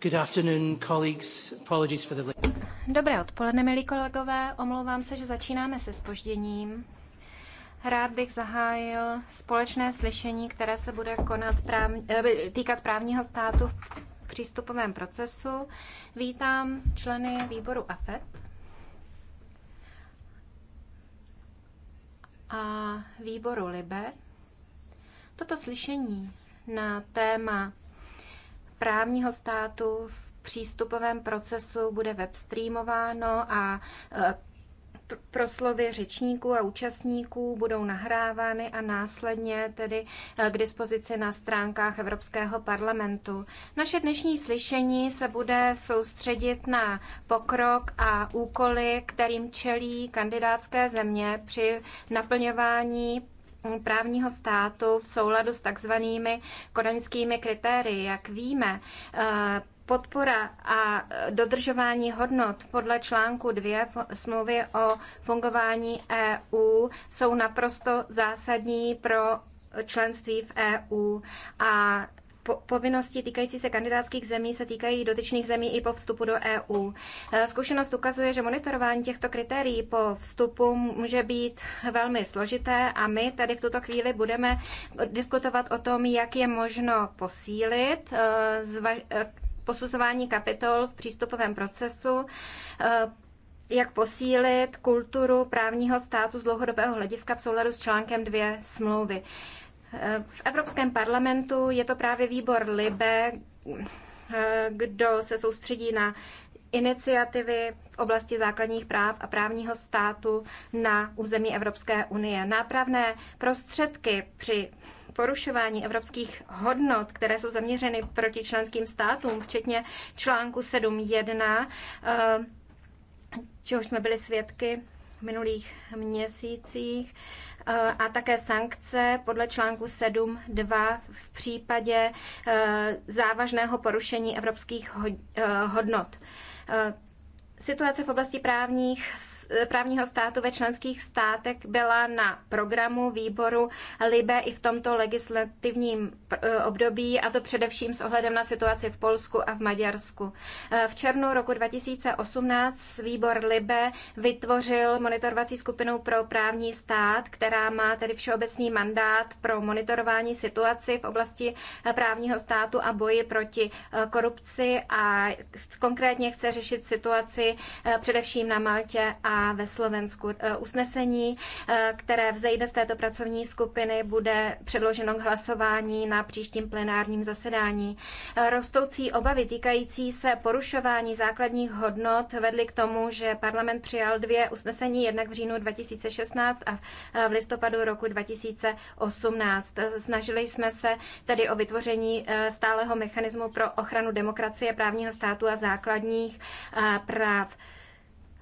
Good afternoon, colleagues. Apologies for the... Dobré odpoledne, milí kolegové. Omlouvám se, že začínáme se spožděním. Rád bych zahájil společné slyšení, které se bude konat práv... Eh, týkat právního státu v přístupovém procesu. Vítám členy výboru AFET. a výboru LIBE. Toto slyšení na téma právního státu v přístupovém procesu bude webstreamováno a e, proslovy řečníků a účastníků budou nahrávány a následně tedy e, k dispozici na stránkách Evropského parlamentu. Naše dnešní slyšení se bude soustředit na pokrok a úkoly, kterým čelí kandidátské země při naplňování právního státu v souladu s takzvanými kodaňskými kritérii. Jak víme, eh, podpora a dodržování hodnot podle článku 2 smlouvy o fungování EU jsou naprosto zásadní pro členství v EU a povinnosti týkající se kandidátských zemí se týkají dotyčných zemí i po vstupu do EU. Eh, zkušenost ukazuje, že monitorování těchto kritérií po vstupu může být velmi složité a my tady v tuto chvíli budeme diskutovat o tom, jak je možno posílit eh, eh, posuzování kapitol v přístupovém procesu, jak posílit kulturu právního státu z dlouhodobého hlediska v souladu s článkem 2 smlouvy. V Evropském parlamentu je to právě výbor LIBE, kdo se soustředí na iniciativy v oblasti základních práv a právního státu na území Evropské unie. Nápravné prostředky při porušování evropských hodnot, které jsou zaměřeny proti členským státům, včetně článku 7.1, eh, čehož jsme byli svědky v minulých měsících, Eh, a také sankce podle článku 7.2 v případě eh, závažného porušení evropských eh, hodnot. Situace v oblasti právních Eh, právního státu ve členských státech byla na programu výboru LIBE i v tomto legislativním eh, období, a to především s ohledem na situaci v Polsku a v Maďarsku. Eh, v červnu roku 2018 výbor LIBE vytvořil monitorovací skupinu pro právní stát, která má tedy všeobecný mandát pro monitorování situaci v oblasti právního státu a boji proti korupci a konkrétně chce řešit situaci především na Maltě a ve Slovensku. Eh, usnesení, eh, které vzejde z této pracovní skupiny, bude předloženo k hlasování na příštím plenárním zasedání. Eh, rostoucí obavy týkající se porušování základních hodnot vedly k tomu, že parlament přijal dvě usnesení, jednak v říjnu 2016 a v listopadu roku 2018. Snažili jsme se tedy o vytvoření stáleho mechanismu pro ochranu demokracie, právního státu a základních práv.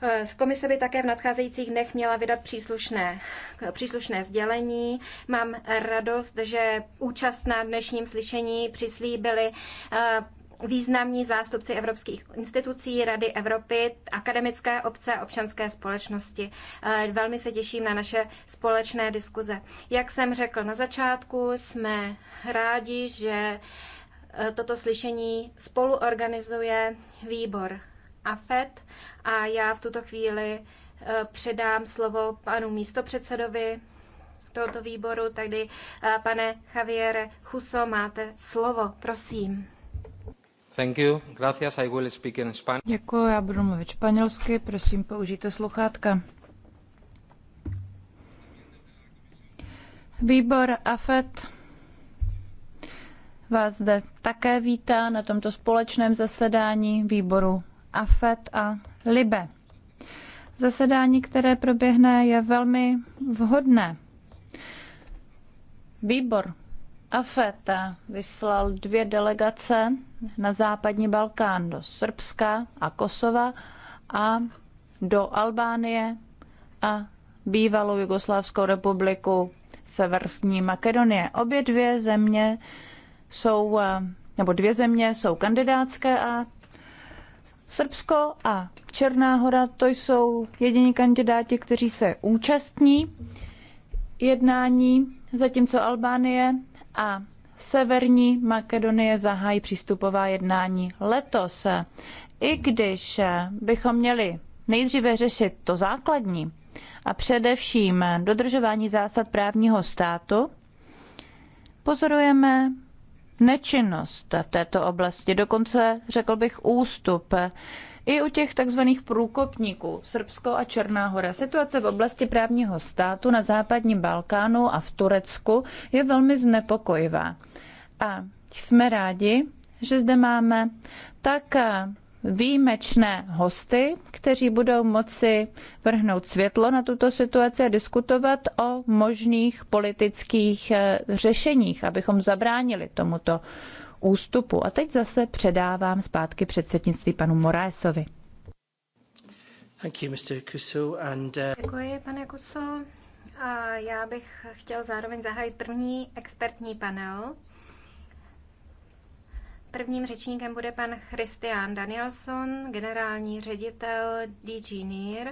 Eh, komise by také v nadcházejících dnech měla vydat příslušné, eh, příslušné sdělení. Mám radost, že účast na dnešním slyšení přislíbili eh, významní zástupci evropských institucí, Rady Evropy, akademické obce a občanské společnosti. Velmi se těším na naše společné diskuze. Jak jsem řekl na začátku, jsme rádi, že toto slyšení spolu organizuje výbor AFET a já v tuto chvíli eh, předám slovo panu místopředsedovi tohoto výboru, tedy eh, pane Javiere Huso, máte slovo, prosím. Thank you. Gracias. I will speak in Spanish. Děkuji, já budu mluvit španělsky, prosím, použijte sluchátka. Výbor AFET vás zde také vítá na tomto společném zasedání výboru AFET a LIBE. Zasedání, které proběhne, je velmi vhodné. Výbor AFET vyslal dvě delegace na západní Balkán do Srbska a Kosova a do Albánie a bývalou Jugoslávskou republiku Severní Makedonie. Obě dvě země jsou, eh, nebo dvě země jsou kandidátské a Srbsko a Černá hora to jsou jediní kandidáti, kteří se účastní jednání, zatímco Albánie a Severní Makedonie zahájí přístupová jednání letos. I když bychom měli nejdříve řešit to základní a především dodržování zásad právního státu, pozorujeme nečinnost v této oblasti, dokonce řekl bych ústup. I u těch tzv. průkopníků Srbsko a Černá hora situace v oblasti právního státu na západním Balkánu a v Turecku je velmi znepokojivá. A jsme rádi, že zde máme tak výjimečné hosty, kteří budou moci vrhnout světlo na tuto situaci a diskutovat o možných politických eh, řešeních, abychom zabránili tomuto ústupu. A teď zase předávám zpátky předsednictví panu Moraesovi. Eh, Děkuji, pane Kuso. A já bych chtěl zároveň zahájit první expertní panel. Prvním řečníkem bude pan Christian Danielson, generální ředitel DG NIR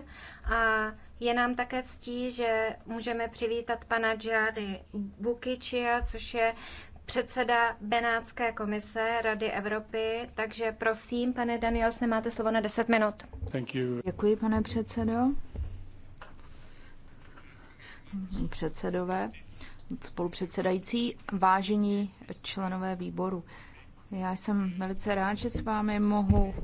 a je nám také ctí, že můžeme přivítat pana Giady Bukicia, což je předseda Benátské komise Rady Evropy. Takže prosím, pane Daniels, nemáte slovo na 10 minut. Thank you. Děkuji, pane předsedo. Předsedové, spolupředsedající, vážení členové výboru. Já jsem velice rád, že s vámi mohu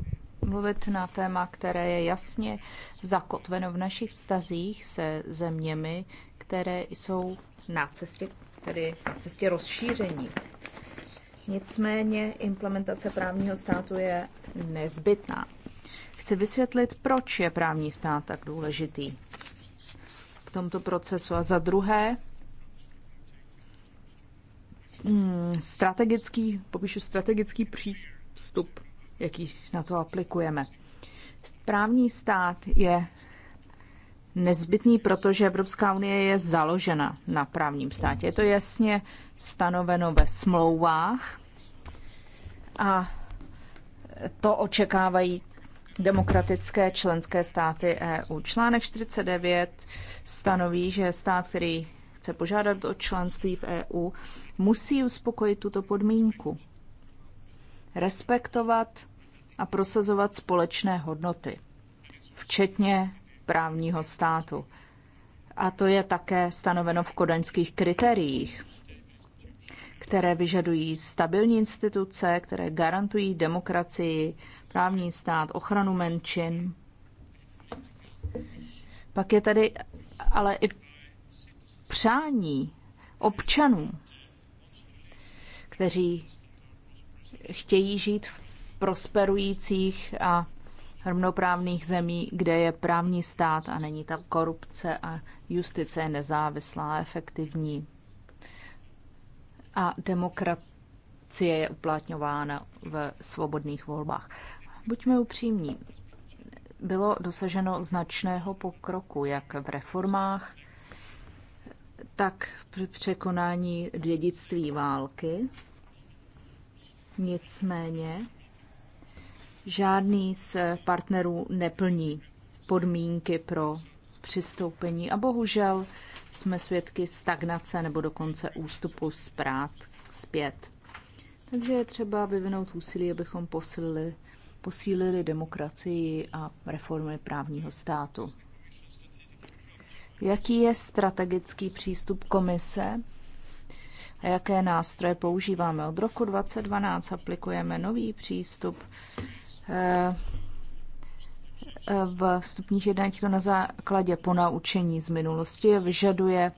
mluvit na téma, které je jasně zakotveno v našich vztazích se zeměmi, které jsou na cestě, tedy na cestě rozšíření. Nicméně implementace právního státu je nezbytná. Chci vysvětlit, proč je právní stát tak důležitý v tomto procesu. A za druhé, Mm, strategický, popíšu strategický přístup, jaký na to aplikujeme. Právní stát je nezbytný, protože Evropská unie je založena na právním státě. Je to jasně stanoveno ve smlouvách a to očekávají demokratické členské státy EU. Článek 49 stanoví, že stát, který chce požádat o členství v EU, musí uspokojit tuto podmínku. Respektovat a prosazovat společné hodnoty, včetně právního státu. A to je také stanoveno v kodaňských kritériích, které vyžadují stabilní instituce, které garantují demokracii, právní stát, ochranu menšin. Pak je tady ale i přání občanů, kteří chtějí žít v prosperujících a rovnoprávných zemí, kde je právní stát a není tam korupce a justice je nezávislá a efektivní. A demokracie je uplatňována v svobodných volbách. Buďme upřímní. Bylo dosaženo značného pokroku jak v reformách, tak překonání dědictví války. Nicméně žádný z partnerů neplní podmínky pro přistoupení a bohužel jsme svědky stagnace nebo dokonce ústupu zprát zpět. Takže je třeba vyvinout úsilí, abychom posílili demokracii a reformy právního státu. Jaký je strategický přístup komise a jaké nástroje používáme? Od roku 2012 aplikujeme nový přístup eh, eh, v vstupních jednáních to na základě ponaučení z minulosti vyžaduje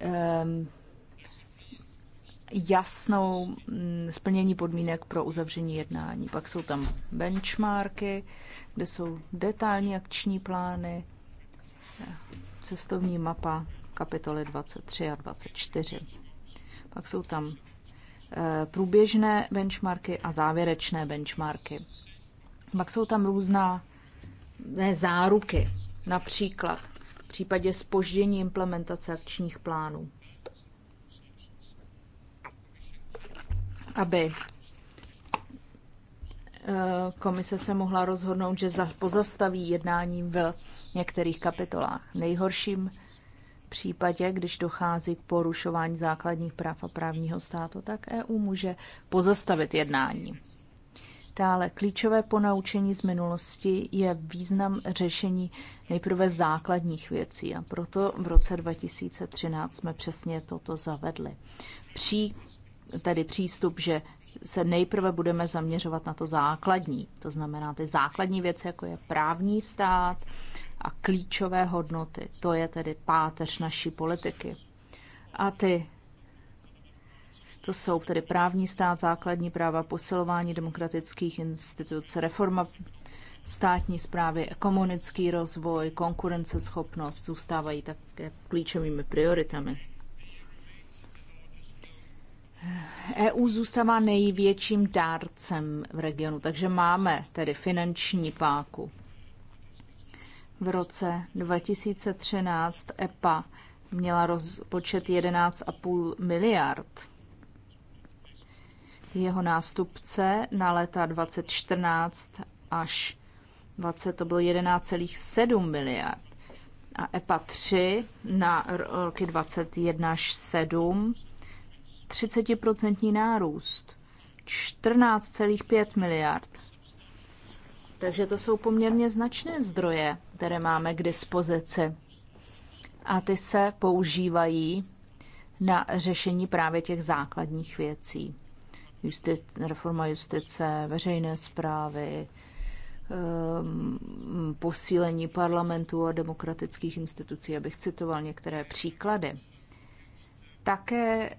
eh, jasnou mm, splnění podmínek pro uzavření jednání. Pak jsou tam benchmarky, kde jsou detailní akční plány, cestovní mapa kapitoly 23 a 24. Pak jsou tam eh, průběžné benchmarky a závěrečné benchmarky. Pak jsou tam různá ne, záruky, například v případě spoždění implementace akčních plánů. Aby eh, komise se mohla rozhodnout, že pozastaví jednání v některých kapitolách. V nejhorším případě, když dochází k porušování základních práv a právního státu, tak EU může pozastavit jednání. Dále klíčové ponaučení z minulosti je význam řešení nejprve základních věcí a proto v roce 2013 jsme přesně toto zavedli. Pří, tedy přístup, že se nejprve budeme zaměřovat na to základní, to znamená ty základní věci, jako je právní stát, a klíčové hodnoty. To je tedy páteř naší politiky. A ty to jsou tedy právní stát, základní práva, posilování demokratických institut, reforma státní zprávy, ekonomický rozvoj, konkurenceschopnost zůstávají také klíčovými prioritami. EU zůstává největším dárcem v regionu, takže máme tedy finanční páku v roce 2013 EPA měla rozpočet 11,5 miliard. Jeho nástupce na léta 2014 až 20 to bylo 11,7 miliard. A EPA 3 na roky 21 až 7 30% nárůst 14,5 miliard takže to jsou poměrně značné zdroje, které máme k dispozici. A ty se používají na řešení právě těch základních věcí. Justic, reforma justice, veřejné zprávy, um, posílení parlamentu a demokratických institucí, abych citoval některé příklady. Také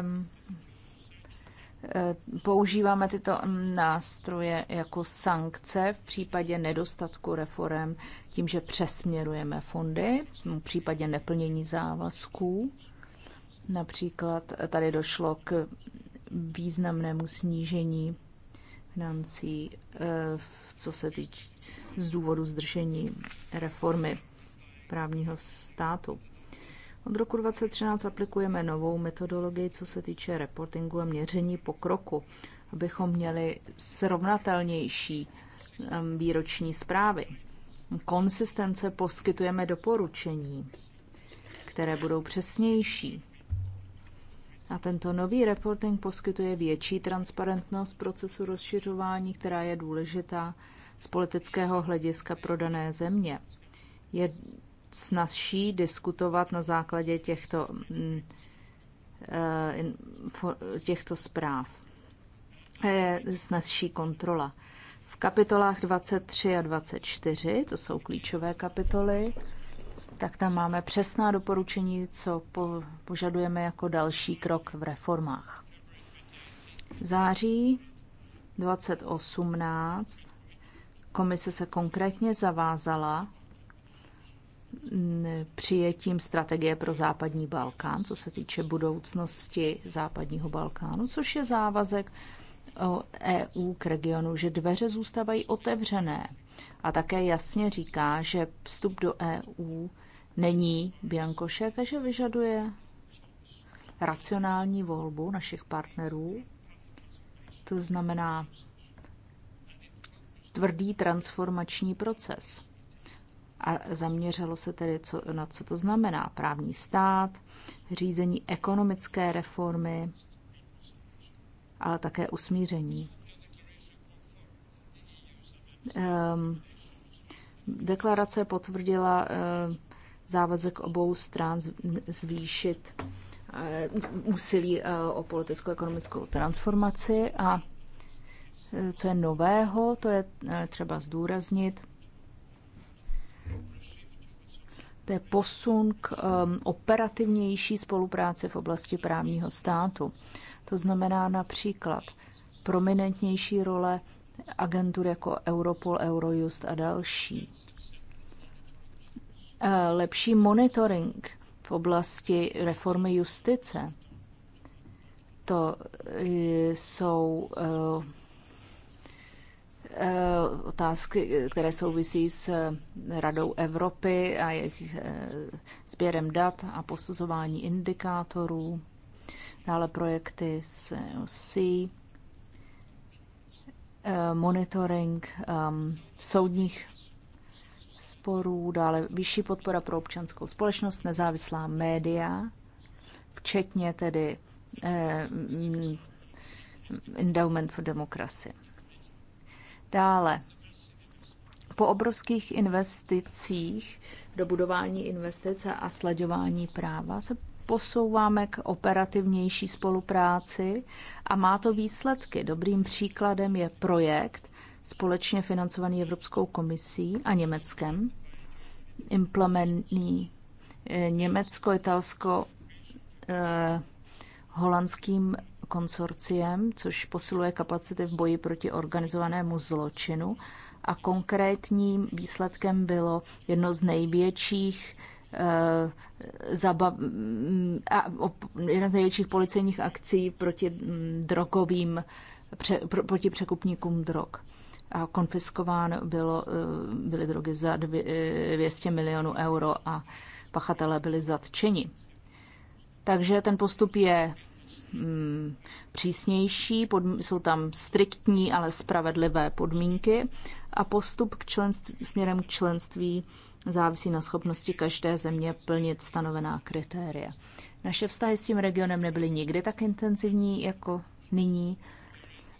um, Eh, používáme tyto nástroje jako sankce v případě nedostatku reform tím, že přesměrujeme fondy, v případě neplnění závazků. Například tady došlo k významnému snížení financí, eh, co se týče z důvodu zdržení reformy právního státu. Od roku 2013 aplikujeme novou metodologii, co se týče reportingu a měření pokroku, abychom měli srovnatelnější výroční zprávy. Konsistence poskytujeme doporučení, které budou přesnější. A tento nový reporting poskytuje větší transparentnost procesu rozšiřování, která je důležitá z politického hlediska pro dané země. Je snazší diskutovat na základě těchto, mm, eh, těchto zpráv. Je snazší kontrola. V kapitolách 23 a 24, to jsou klíčové kapitoly, tak tam máme přesná doporučení, co požadujeme jako další krok v reformách. Září 2018 komise se konkrétně zavázala přijetím strategie pro západní Balkán, co se týče budoucnosti západního Balkánu, což je závazek EU k regionu, že dveře zůstávají otevřené. A také jasně říká, že vstup do EU není biankošek a že vyžaduje racionální volbu našich partnerů. To znamená tvrdý transformační proces a zaměřilo se tedy co, na co to znamená právní stát, řízení ekonomické reformy, ale také usmíření. Um, deklarace potvrdila um, závazek obou stran zvýšit um, úsilí um, o politickou ekonomickou transformaci a eh, co je nového, to je třeba zdůraznit, to je posun k um, operativnější spolupráci v oblasti právního státu. To znamená například prominentnější role agentur jako Europol, Eurojust a další. Eh, lepší monitoring v oblasti reformy justice. To eh, jsou eh, Eh, otázky, které souvisí s eh, Radou Evropy a jejich eh, sběrem dat a posuzování indikátorů, dále projekty s e C, monitoring um, soudních sporů, dále vyšší podpora pro občanskou společnost, nezávislá média, včetně tedy eh, Endowment for Democracy. Dále, po obrovských investicích do budování investice a sledování práva se posouváme k operativnější spolupráci a má to výsledky. Dobrým příkladem je projekt společně financovaný Evropskou komisí a Německem. Implementní eh, Německo, Italsko, eh, holandským konsorciem, což posiluje kapacity v boji proti organizovanému zločinu. A konkrétním výsledkem bylo jedno z největších eh, jedna z největších policejních akcí proti mm, drogovým, pře, proti překupníkům drog. A konfiskováno bylo, eh, byly drogy za 200 eh, milionů euro a pachatelé byli zatčeni. Takže ten postup je Mm, přísnější, pod, jsou tam striktní, ale spravedlivé podmínky a postup k členství, směrem k členství závisí na schopnosti každé země plnit stanovená kritéria. Naše vztahy s tím regionem nebyly nikdy tak intenzivní jako nyní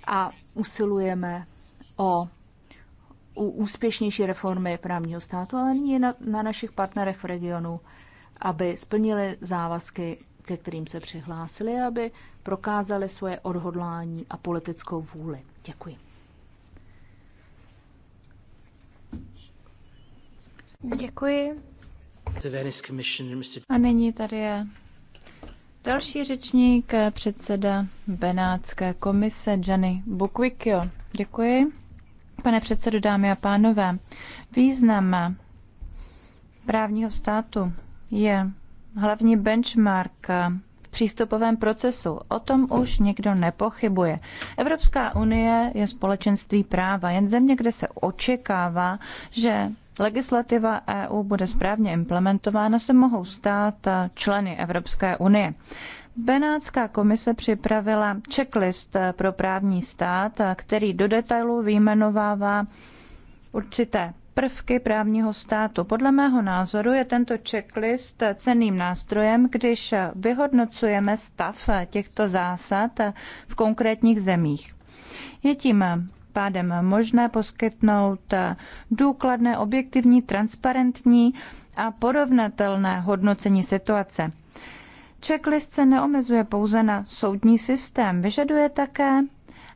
a usilujeme o úspěšnější reformy právního státu, ale nyní na, na našich partnerech v regionu, aby splnili závazky ke kterým se přihlásili, aby prokázali svoje odhodlání a politickou vůli. Děkuji. Děkuji. A nyní tady je další řečník, předseda Benátské komise Gianni Bukvikio. Děkuji. Pane předsedo, dámy a pánové, význam právního státu je hlavní benchmark v přístupovém procesu. O tom už nikdo nepochybuje. Evropská unie je společenství práva, jen země, kde se očekává, že legislativa EU bude správně implementována, se mohou stát členy Evropské unie. Benátská komise připravila checklist pro právní stát, který do detailu vyjmenovává určité prvky právního státu. Podle mého názoru je tento checklist ceným nástrojem, když vyhodnocujeme stav těchto zásad v konkrétních zemích. Je tím pádem možné poskytnout důkladné, objektivní, transparentní a porovnatelné hodnocení situace. Checklist se neomezuje pouze na soudní systém, vyžaduje také,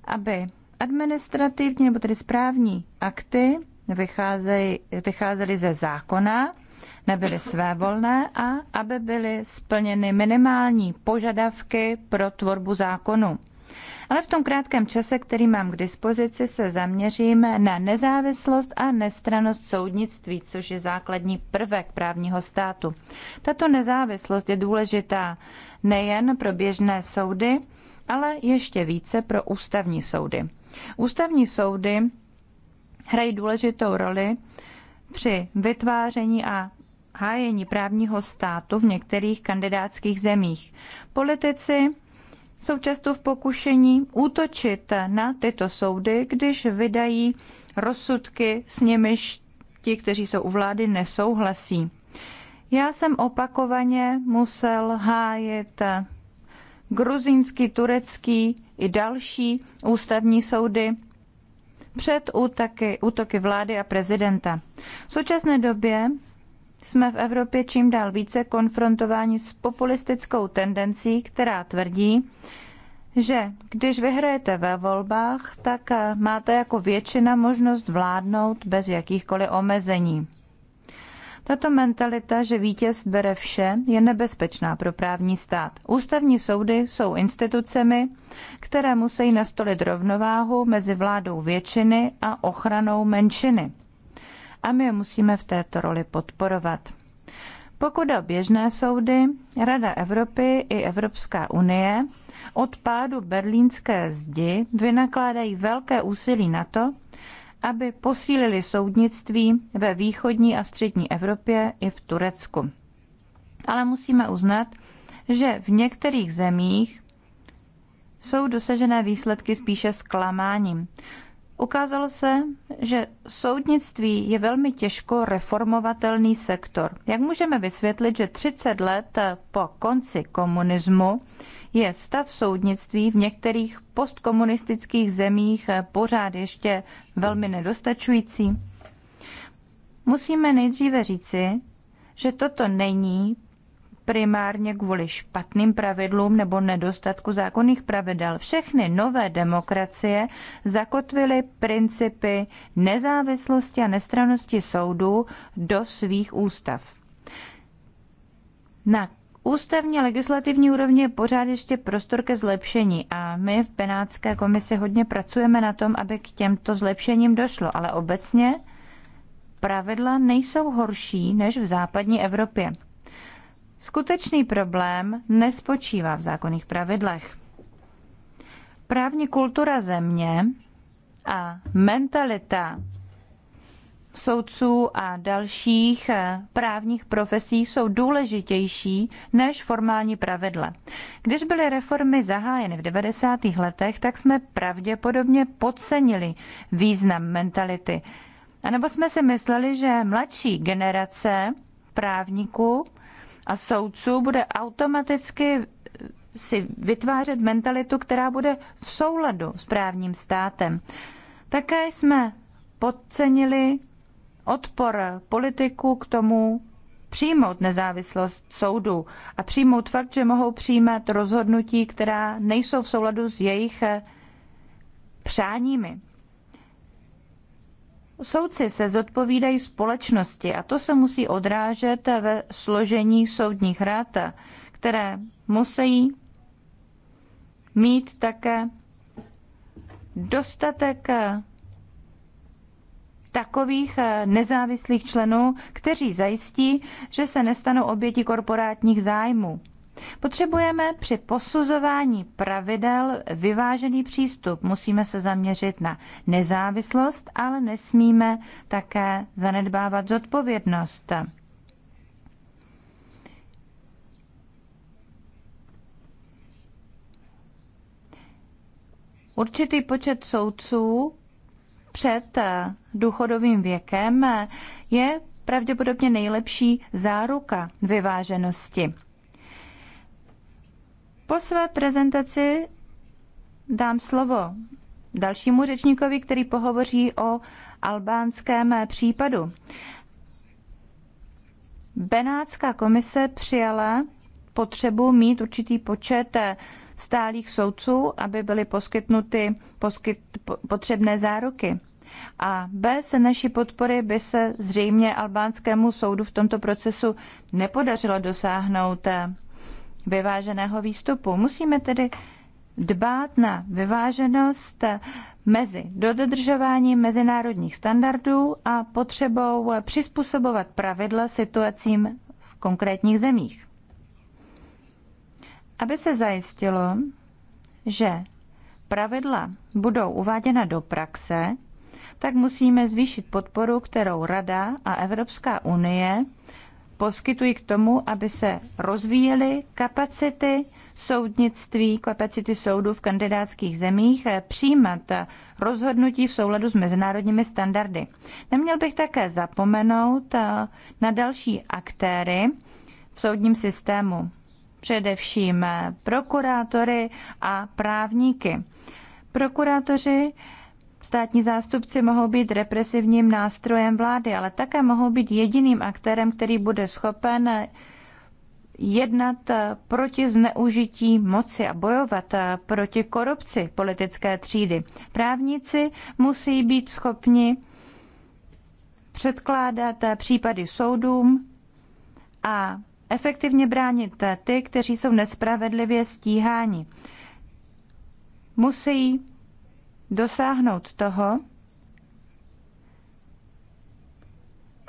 aby administrativní nebo tedy správní akty vycházeli vycházely ze zákona, nebyly svévolné a aby byly splněny minimální požadavky pro tvorbu zákonu. Ale v tom krátkém čase, který mám k dispozici, se zaměříme na nezávislost a nestranost soudnictví, což je základní prvek právního státu. Tato nezávislost je důležitá nejen pro běžné soudy, ale ještě více pro ústavní soudy. Ústavní soudy hrají důležitou roli při vytváření a hájení právního státu v některých kandidátských zemích. Politici jsou často v pokušení útočit na tyto soudy, když vydají rozsudky, s nimiž ti, kteří jsou u vlády, nesouhlasí. Já jsem opakovaně musel hájit gruzínský, turecký i další ústavní soudy před útoky, útoky vlády a prezidenta. V současné době jsme v Evropě čím dál více konfrontováni s populistickou tendencí, která tvrdí, že když vyhrajete ve volbách, tak máte jako většina možnost vládnout bez jakýchkoliv omezení. Tato mentalita, že vítěz bere vše, je nebezpečná pro právní stát. Ústavní soudy jsou institucemi, které musí nastolit rovnováhu mezi vládou většiny a ochranou menšiny. A my je musíme v této roli podporovat. Pokud o běžné soudy, Rada Evropy i Evropská unie od pádu berlínské zdi vynakládají velké úsilí na to, aby posílili soudnictví ve východní a střední Evropě i v Turecku. Ale musíme uznat, že v některých zemích jsou dosažené výsledky spíše zklamáním. Ukázalo se, že soudnictví je velmi těžko reformovatelný sektor. Jak můžeme vysvětlit, že 30 let po konci komunismu je stav soudnictví v některých postkomunistických zemích eh, pořád ještě velmi nedostačující? Musíme nejdříve říci, že toto není primárně kvůli špatným pravidlům nebo nedostatku zákonných pravidel. Všechny nové demokracie zakotvily principy nezávislosti a nestranosti soudů do svých ústav. Na ústavní legislativní úrovni je pořád ještě prostor ke zlepšení a my v Penátské komisi hodně pracujeme na tom, aby k těmto zlepšením došlo, ale obecně pravidla nejsou horší než v západní Evropě. Skutečný problém nespočívá v zákonných pravidlech. Právní kultura země a mentalita soudců a dalších eh, právních profesí jsou důležitější než formální pravidla. Když byly reformy zahájeny v 90. letech, tak jsme pravděpodobně podcenili význam mentality. A nebo jsme si mysleli, že mladší generace právníků a soudců bude automaticky eh, si vytvářet mentalitu, která bude v souladu s právním státem. Také jsme podcenili odpor politiků k tomu přijmout nezávislost soudu a přijmout fakt, že mohou přijímat rozhodnutí, která nejsou v souladu s jejich eh, přáními. Soudci se zodpovídají společnosti a to se musí odrážet ve složení soudních rád, které musí mít také dostatek eh, takových eh, nezávislých členů, kteří zajistí, že se nestanou oběti korporátních zájmů. Potřebujeme při posuzování pravidel vyvážený přístup. Musíme se zaměřit na nezávislost, ale nesmíme také zanedbávat zodpovědnost. Určitý počet soudců před eh, důchodovým věkem eh, je pravděpodobně nejlepší záruka vyváženosti. Po své prezentaci dám slovo dalšímu řečníkovi, který pohovoří o albánském eh, případu. Benátská komise přijala potřebu mít určitý počet stálých soudců, aby byly poskytnuty poskyt, potřebné záruky. A bez naší podpory by se zřejmě albánskému soudu v tomto procesu nepodařilo dosáhnout eh, vyváženého výstupu. Musíme tedy dbát na vyváženost eh, mezi dodržováním mezinárodních standardů a potřebou eh, přizpůsobovat pravidla situacím v konkrétních zemích aby se zajistilo, že pravidla budou uváděna do praxe, tak musíme zvýšit podporu, kterou Rada a Evropská unie poskytují k tomu, aby se rozvíjely kapacity soudnictví, kapacity soudů v kandidátských zemích eh, přijímat rozhodnutí v souladu s mezinárodními standardy. Neměl bych také zapomenout eh, na další aktéry v soudním systému především prokurátory a právníky. Prokurátoři Státní zástupci mohou být represivním nástrojem vlády, ale také mohou být jediným aktérem, který bude schopen jednat proti zneužití moci a bojovat proti korupci politické třídy. Právníci musí být schopni předkládat případy soudům a efektivně bránit ty, kteří jsou nespravedlivě stíháni. Musí dosáhnout toho,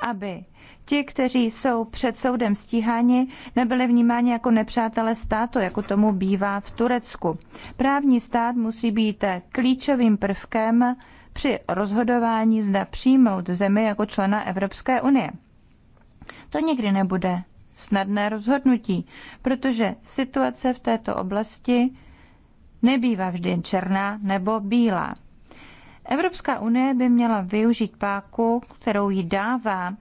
aby ti, kteří jsou před soudem stíháni, nebyli vnímáni jako nepřátelé státu, jako tomu bývá v Turecku. Právní stát musí být klíčovým prvkem při rozhodování zda přijmout zemi jako člena Evropské unie. To nikdy nebude snadné rozhodnutí, protože situace v této oblasti nebývá vždy jen černá nebo bílá. Evropská unie by měla využít páku, kterou jí dává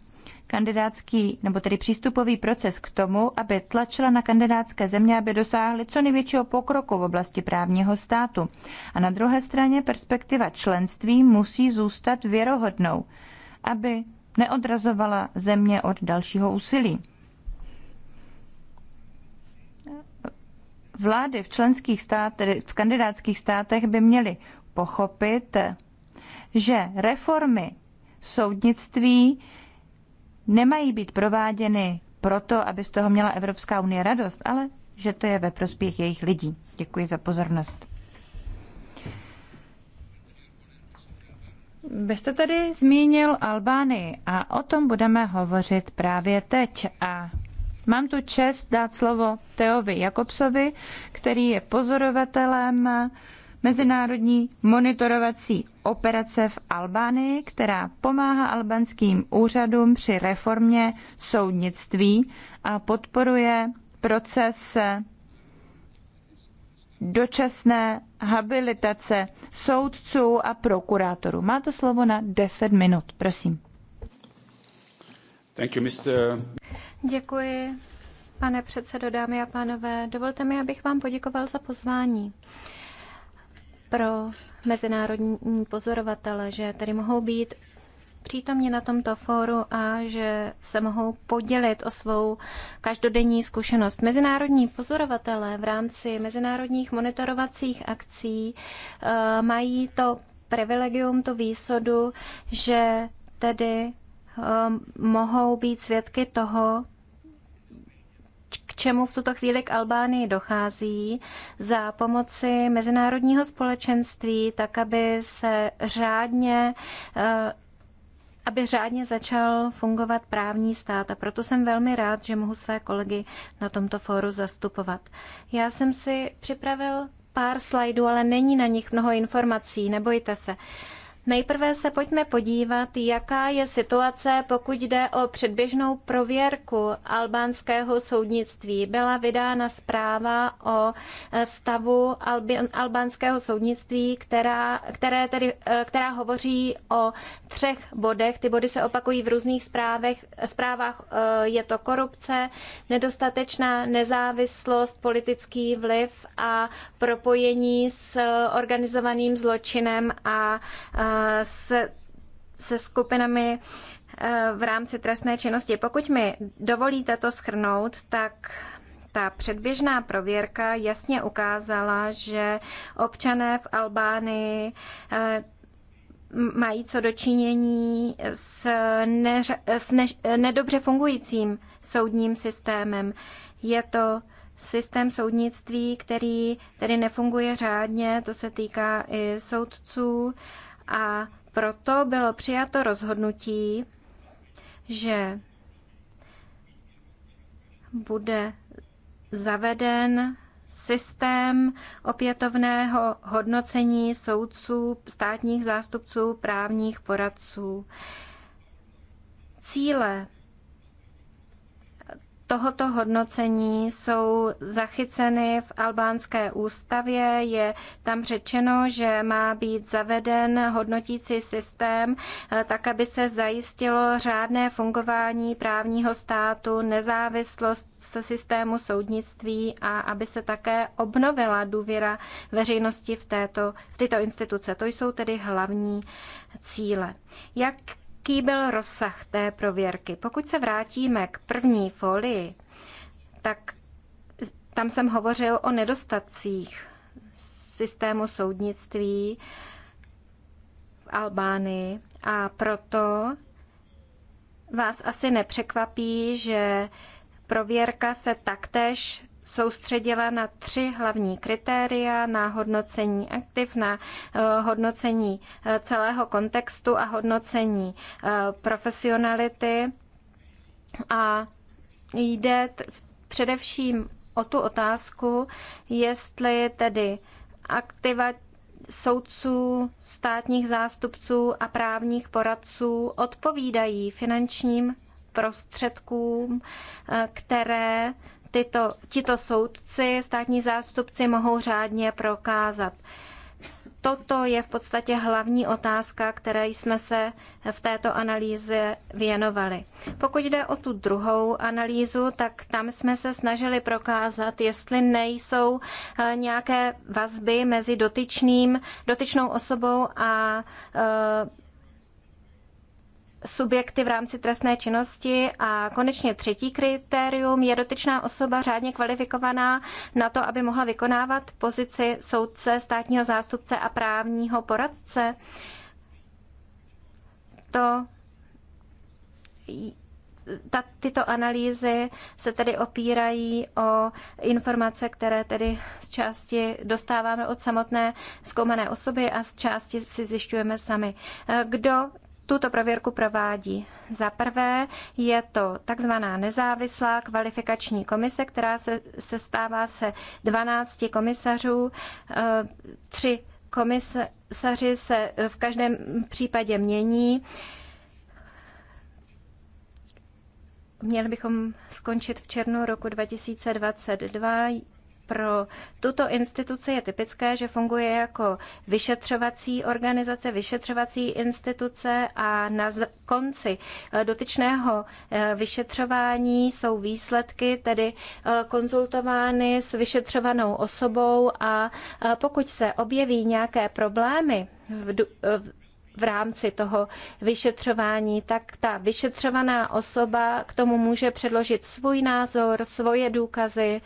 kandidátský nebo tedy přístupový proces k tomu, aby tlačila na kandidátské země, aby dosáhly co největšího pokroku v oblasti právního státu. A na druhé straně perspektiva členství musí zůstat věrohodnou, aby neodrazovala země od dalšího úsilí. Vlády v členských státech, v kandidátských státech by měly pochopit, že reformy soudnictví nemají být prováděny proto, aby z toho měla Evropská unie radost, ale že to je ve prospěch jejich lidí. Děkuji za pozornost. Vy jste tady zmínil Albánii a o tom budeme hovořit právě teď. A Mám tu čest dát slovo Teovi Jakobsovi, který je pozorovatelem mezinárodní monitorovací operace v Albánii, která pomáhá albanským úřadům při reformě soudnictví a podporuje proces dočasné habilitace soudců a prokurátorů. Máte slovo na 10 minut, prosím. Thank you, Mr. Děkuji, pane předsedo, dámy a pánové. Dovolte mi, abych vám poděkoval za pozvání pro mezinárodní pozorovatele, že tady mohou být přítomně na tomto fóru a že se mohou podělit o svou každodenní zkušenost. Mezinárodní pozorovatelé v rámci mezinárodních monitorovacích akcí eh, mají to privilegium, to výsodu, že tedy Ehm, mohou být svědky toho, k čemu v tuto chvíli k Albánii dochází za pomoci mezinárodního společenství, tak aby se řádně eh, aby řádně začal fungovat právní stát a proto jsem velmi rád, že mohu své kolegy na tomto fóru zastupovat. Já jsem si připravil pár slajdů, ale není na nich mnoho informací, nebojte se. Uh, Nejprve se pojďme podívat, jaká je situace, pokud jde o předběžnou prověrku albánského soudnictví. Byla vydána zpráva o eh, stavu albánského soudnictví, která, které tedy, eh, která hovoří o třech bodech. Ty body se opakují v různých zprávech, zprávách. Eh, je to korupce, nedostatečná nezávislost, politický vliv a propojení s organizovaným zločinem a se, se skupinami eh, v rámci trestné činnosti. Pokud mi dovolíte to schrnout, tak ta předběžná prověrka jasně ukázala, že občané v Albánii eh, mají co dočinění s, neř, s než, nedobře fungujícím soudním systémem. Je to systém soudnictví, který tedy nefunguje řádně, to se týká i soudců. Uh, a proto bylo přijato rozhodnutí, že bude zaveden systém opětovného hodnocení soudců, státních zástupců, právních poradců. Cíle tohoto hodnocení jsou zachyceny v albánské ústavě. Je tam řečeno, že má být zaveden hodnotící systém, eh, tak aby se zajistilo řádné fungování právního státu, nezávislost systému soudnictví a aby se také obnovila důvěra veřejnosti v, této, v tyto instituce. To jsou tedy hlavní cíle. Jak jaký byl rozsah té prověrky. Pokud se vrátíme k první folii, tak tam jsem hovořil o nedostatcích systému soudnictví v Albánii a proto vás asi nepřekvapí, že prověrka se taktéž soustředila na tři hlavní kritéria, na hodnocení aktiv, na eh, hodnocení eh, celého kontextu a hodnocení eh, profesionality. A jde především o tu otázku, jestli tedy aktiva soudců, státních zástupců a právních poradců odpovídají finančním prostředkům, které tyto, tito soudci, státní zástupci mohou řádně prokázat. Toto je v podstatě hlavní otázka, které jsme se v této analýze věnovali. Pokud jde o tu druhou analýzu, tak tam jsme se snažili prokázat, jestli nejsou eh, nějaké vazby mezi dotyčným, dotyčnou osobou a eh, subjekty v rámci trestné činnosti a konečně třetí kritérium je dotyčná osoba řádně kvalifikovaná na to, aby mohla vykonávat pozici soudce, státního zástupce a právního poradce. To ta, tyto analýzy se tedy opírají o informace, které tedy z části dostáváme od samotné zkoumané osoby a z části si zjišťujeme sami. Kdo tuto prověrku provádí. Za prvé je to takzvaná nezávislá kvalifikační komise, která se sestává se 12 komisařů, eh, tři komisaři se v každém případě mění. Měli bychom skončit v červnu roku 2022 pro tuto instituci je typické, že funguje jako vyšetřovací organizace, vyšetřovací instituce a na konci eh, dotyčného eh, vyšetřování jsou výsledky tedy eh, konzultovány s vyšetřovanou osobou a pokud se objeví nějaké problémy v v rámci toho vyšetřování, tak ta vyšetřovaná osoba k tomu může předložit svůj názor, svoje důkazy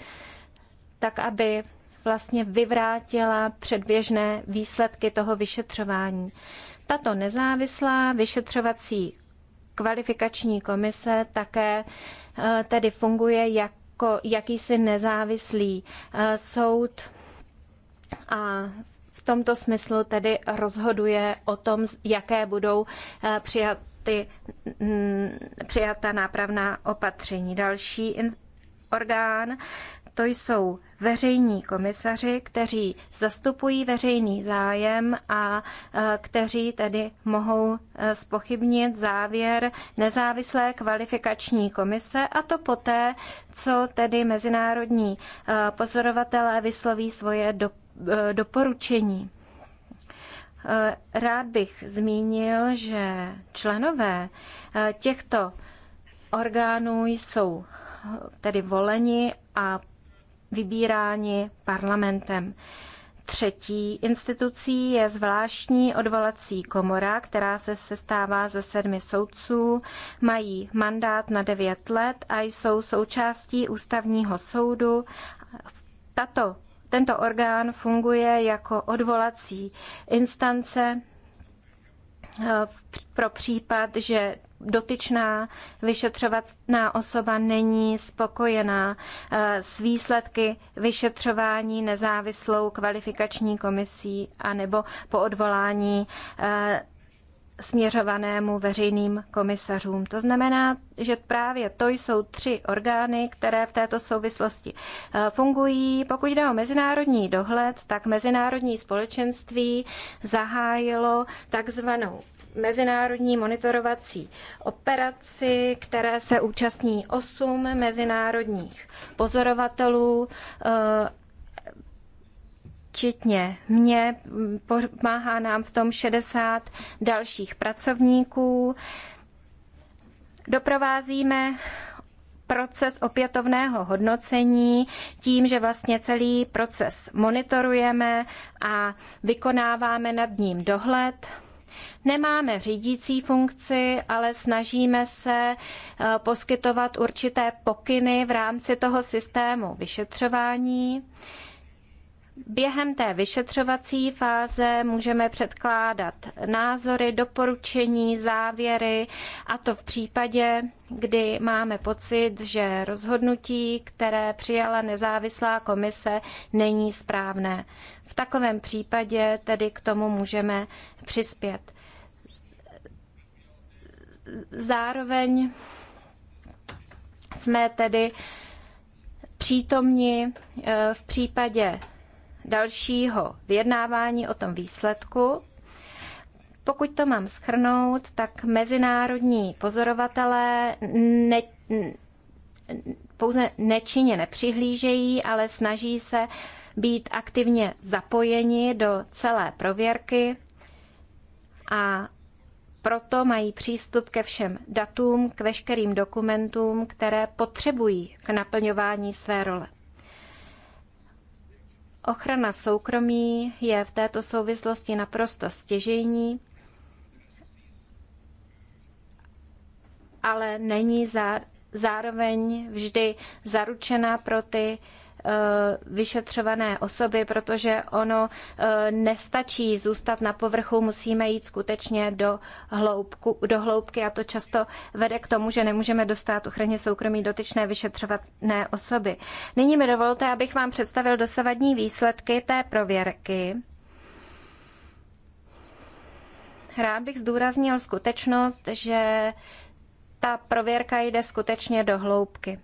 tak aby vlastně vyvrátila předběžné výsledky toho vyšetřování. Tato nezávislá vyšetřovací kvalifikační komise také eh, tedy funguje jako jakýsi nezávislý eh, soud a v tomto smyslu tedy rozhoduje o tom, jaké budou eh, přijaty, přijata nápravná opatření. Další orgán to jsou veřejní komisaři, kteří zastupují veřejný zájem a e, kteří tedy mohou spochybnit e, závěr nezávislé kvalifikační komise a to poté, co tedy mezinárodní e, pozorovatelé vysloví svoje doporučení. Rád bych zmínil, že členové těchto orgánů jsou tedy voleni a vybíráni parlamentem. Třetí institucí je zvláštní odvolací komora, která se sestává ze sedmi soudců, mají mandát na devět let a jsou součástí ústavního soudu. Tato, tento orgán funguje jako odvolací instance Eh, pro případ, že dotyčná vyšetřovatná osoba není spokojená eh, s výsledky vyšetřování nezávislou kvalifikační komisí anebo po odvolání eh, směřovanému veřejným komisařům. To znamená, že právě to jsou tři orgány, které v této souvislosti eh, fungují. Pokud jde o mezinárodní dohled, tak mezinárodní společenství zahájilo takzvanou mezinárodní monitorovací operaci, které se účastní osm mezinárodních pozorovatelů eh, včetně mě, pomáhá nám v tom 60 dalších pracovníků. Doprovázíme proces opětovného hodnocení tím, že vlastně celý proces monitorujeme a vykonáváme nad ním dohled. Nemáme řídící funkci, ale snažíme se eh, poskytovat určité pokyny v rámci toho systému vyšetřování. Během té vyšetřovací fáze můžeme předkládat názory, doporučení, závěry a to v případě, kdy máme pocit, že rozhodnutí, které přijala nezávislá komise, není správné. V takovém případě tedy k tomu můžeme přispět. Zároveň jsme tedy přítomni eh, v případě dalšího vyjednávání o tom výsledku. Pokud to mám schrnout, tak mezinárodní pozorovatelé ne, pouze nečinně nepřihlížejí, ale snaží se být aktivně zapojeni do celé prověrky a proto mají přístup ke všem datům, k veškerým dokumentům, které potřebují k naplňování své role. Ochrana soukromí je v této souvislosti naprosto stěžejní, ale není zároveň vždy zaručená pro ty, Eh, vyšetřované osoby, protože ono eh, nestačí zůstat na povrchu, musíme jít skutečně do, hloubku, do hloubky a to často vede k tomu, že nemůžeme dostat ochraně soukromí dotyčné vyšetřované osoby. Nyní mi dovolte, abych vám představil dosavadní výsledky té prověrky. Rád bych zdůraznil skutečnost, že ta prověrka jde skutečně do hloubky.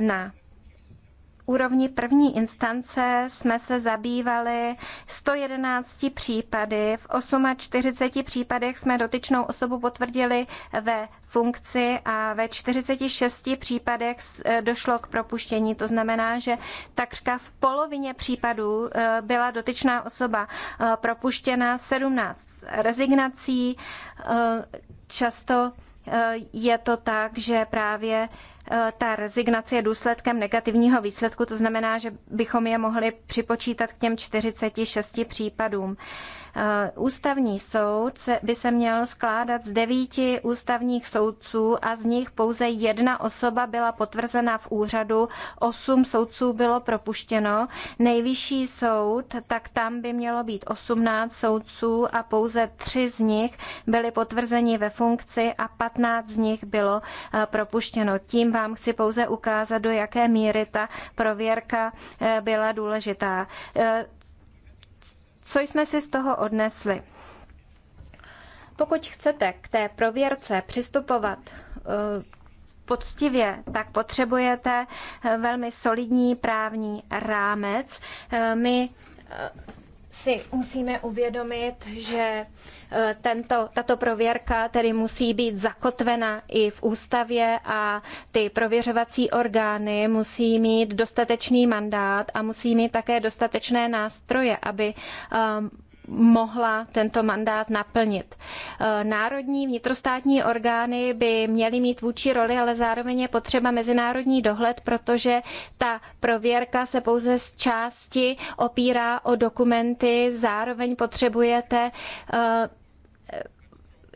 Na úrovni první instance jsme se zabývali 111 případy. V 48 případech jsme dotyčnou osobu potvrdili ve funkci a ve 46 případech e, došlo k propuštění. To znamená, že takřka v polovině případů e, byla dotyčná osoba e, propuštěna 17 rezignací. Často je to tak, že právě Eh, ta rezignace je důsledkem negativního výsledku, to znamená, že bychom je mohli připočítat k těm 46 případům. Eh, ústavní soud by se měl skládat z devíti ústavních soudců a z nich pouze jedna osoba byla potvrzena v úřadu, osm soudců bylo propuštěno. Nejvyšší soud, tak tam by mělo být 18 soudců a pouze tři z nich byli potvrzeni ve funkci a 15 z nich bylo eh, propuštěno. Tím vám chci pouze ukázat, do jaké míry ta prověrka eh, byla důležitá. Eh, co jsme si z toho odnesli? Pokud chcete k té prověrce přistupovat eh, poctivě, tak potřebujete velmi solidní právní rámec. My si musíme uvědomit, že e, tento, tato prověrka tedy musí být zakotvena i v ústavě a ty prověřovací orgány musí mít dostatečný mandát a musí mít také dostatečné nástroje, aby e, mohla tento mandát naplnit. Eh, národní vnitrostátní orgány by měly mít vůči roli, ale zároveň je potřeba mezinárodní dohled, protože ta prověrka se pouze z části opírá o dokumenty, zároveň potřebujete eh,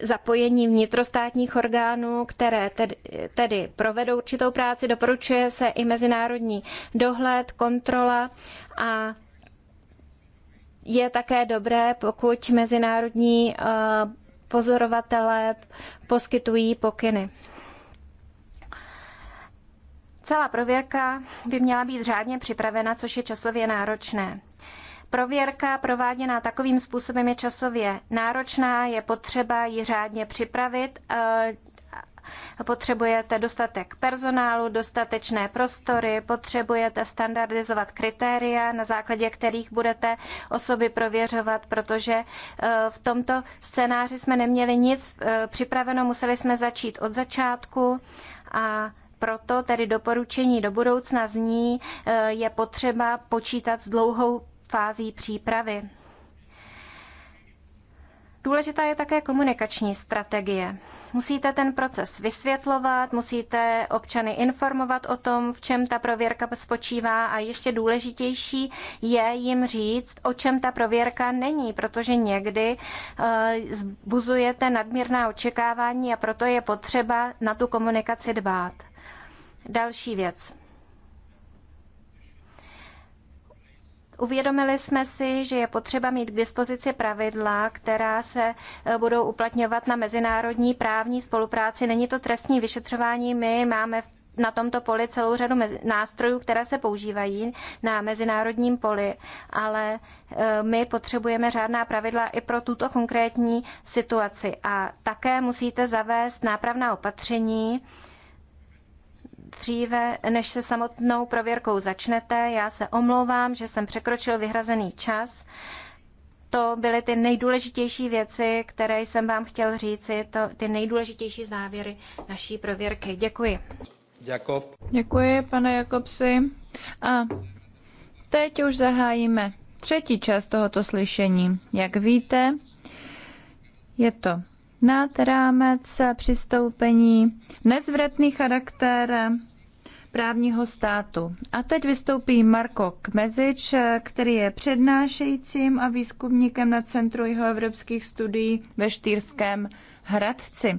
zapojení vnitrostátních orgánů, které tedy, tedy provedou určitou práci, doporučuje se i mezinárodní dohled, kontrola a je také dobré, pokud mezinárodní eh, pozorovatelé poskytují pokyny. Celá prověrka by měla být řádně připravena, což je časově náročné. Prověrka prováděná takovým způsobem je časově náročná, je potřeba ji řádně připravit eh, Potřebujete dostatek personálu, dostatečné prostory, potřebujete standardizovat kritéria, na základě kterých budete osoby prověřovat, protože e, v tomto scénáři jsme neměli nic e, připraveno, museli jsme začít od začátku a proto tedy doporučení do budoucna zní, e, je potřeba počítat s dlouhou fází přípravy. Důležitá je také komunikační strategie. Musíte ten proces vysvětlovat, musíte občany informovat o tom, v čem ta prověrka spočívá a ještě důležitější je jim říct, o čem ta prověrka není, protože někdy eh, zbuzujete nadměrná očekávání a proto je potřeba na tu komunikaci dbát. Další věc. Uvědomili jsme si, že je potřeba mít k dispozici pravidla, která se eh, budou uplatňovat na mezinárodní právní spolupráci. Není to trestní vyšetřování, my máme v na tomto poli celou řadu nástrojů, které se používají na mezinárodním poli, ale eh, my potřebujeme řádná pravidla i pro tuto konkrétní situaci. A také musíte zavést nápravná opatření, dříve, než se samotnou prověrkou začnete. Já se omlouvám, že jsem překročil vyhrazený čas. To byly ty nejdůležitější věci, které jsem vám chtěl říci, to, ty nejdůležitější závěry naší prověrky. Děkuji. Jakob. Děkuji, pane Jakobsi. A teď už zahájíme třetí část tohoto slyšení. Jak víte, je to nad rámec přistoupení nezvratný charakter právního státu. A teď vystoupí Marko Kmezič, který je přednášejícím a výzkumníkem na Centru jeho evropských studií ve Štýrském Hradci.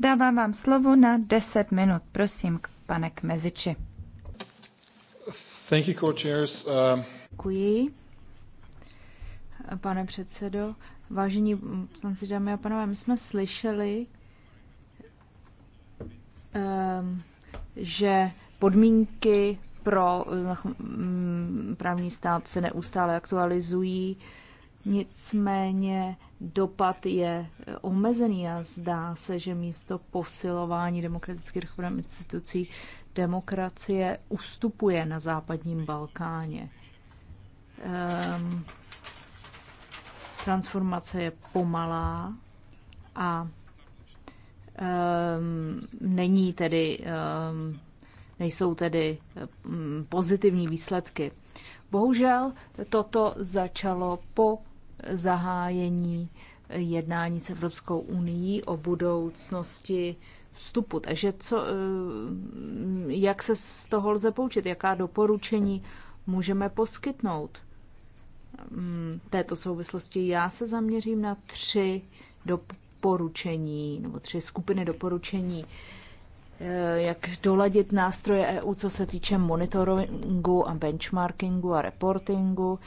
Dávám vám slovo na 10 minut. Prosím, pane Kmeziči. Thank you, co-chairs. Uh... Děkuji, pane předsedo. Vážení poslanci, dámy a pánové, my jsme slyšeli, ehm, že podmínky pro mm, právní stát se neustále aktualizují, nicméně dopad je omezený a zdá se, že místo posilování demokratických reform institucí demokracie ustupuje na západním Balkáně. Um, transformace je pomalá a um, není tedy, um, nejsou tedy um, pozitivní výsledky. Bohužel toto začalo po zahájení jednání s Evropskou unii o budoucnosti vstupu. Takže co, jak se z toho lze poučit? Jaká doporučení můžeme poskytnout? Mm, této souvislosti já se zaměřím na tři doporučení nebo tři skupiny doporučení, eh, jak doladit nástroje EU, co se týče monitoringu a benchmarkingu a reportingu,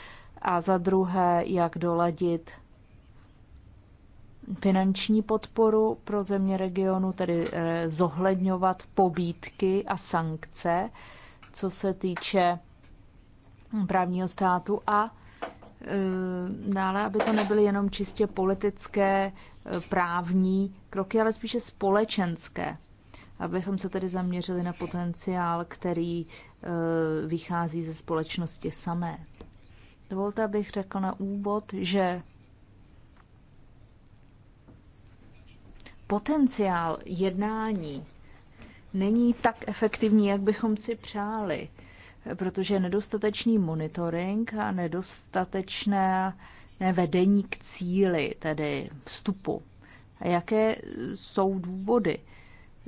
a za druhé, jak doladit finanční podporu pro země regionu, tedy eh, zohledňovat pobídky a sankce, co se týče právního státu a dále, aby to nebyly jenom čistě politické, eh, právní kroky, ale spíše společenské. Abychom se tedy zaměřili na potenciál, který eh, vychází ze společnosti samé. Dovolte, abych řekl na úvod, že potenciál jednání není tak efektivní, jak bychom si přáli protože nedostatečný monitoring a nedostatečné vedení k cíli, tedy vstupu. A jaké jsou důvody?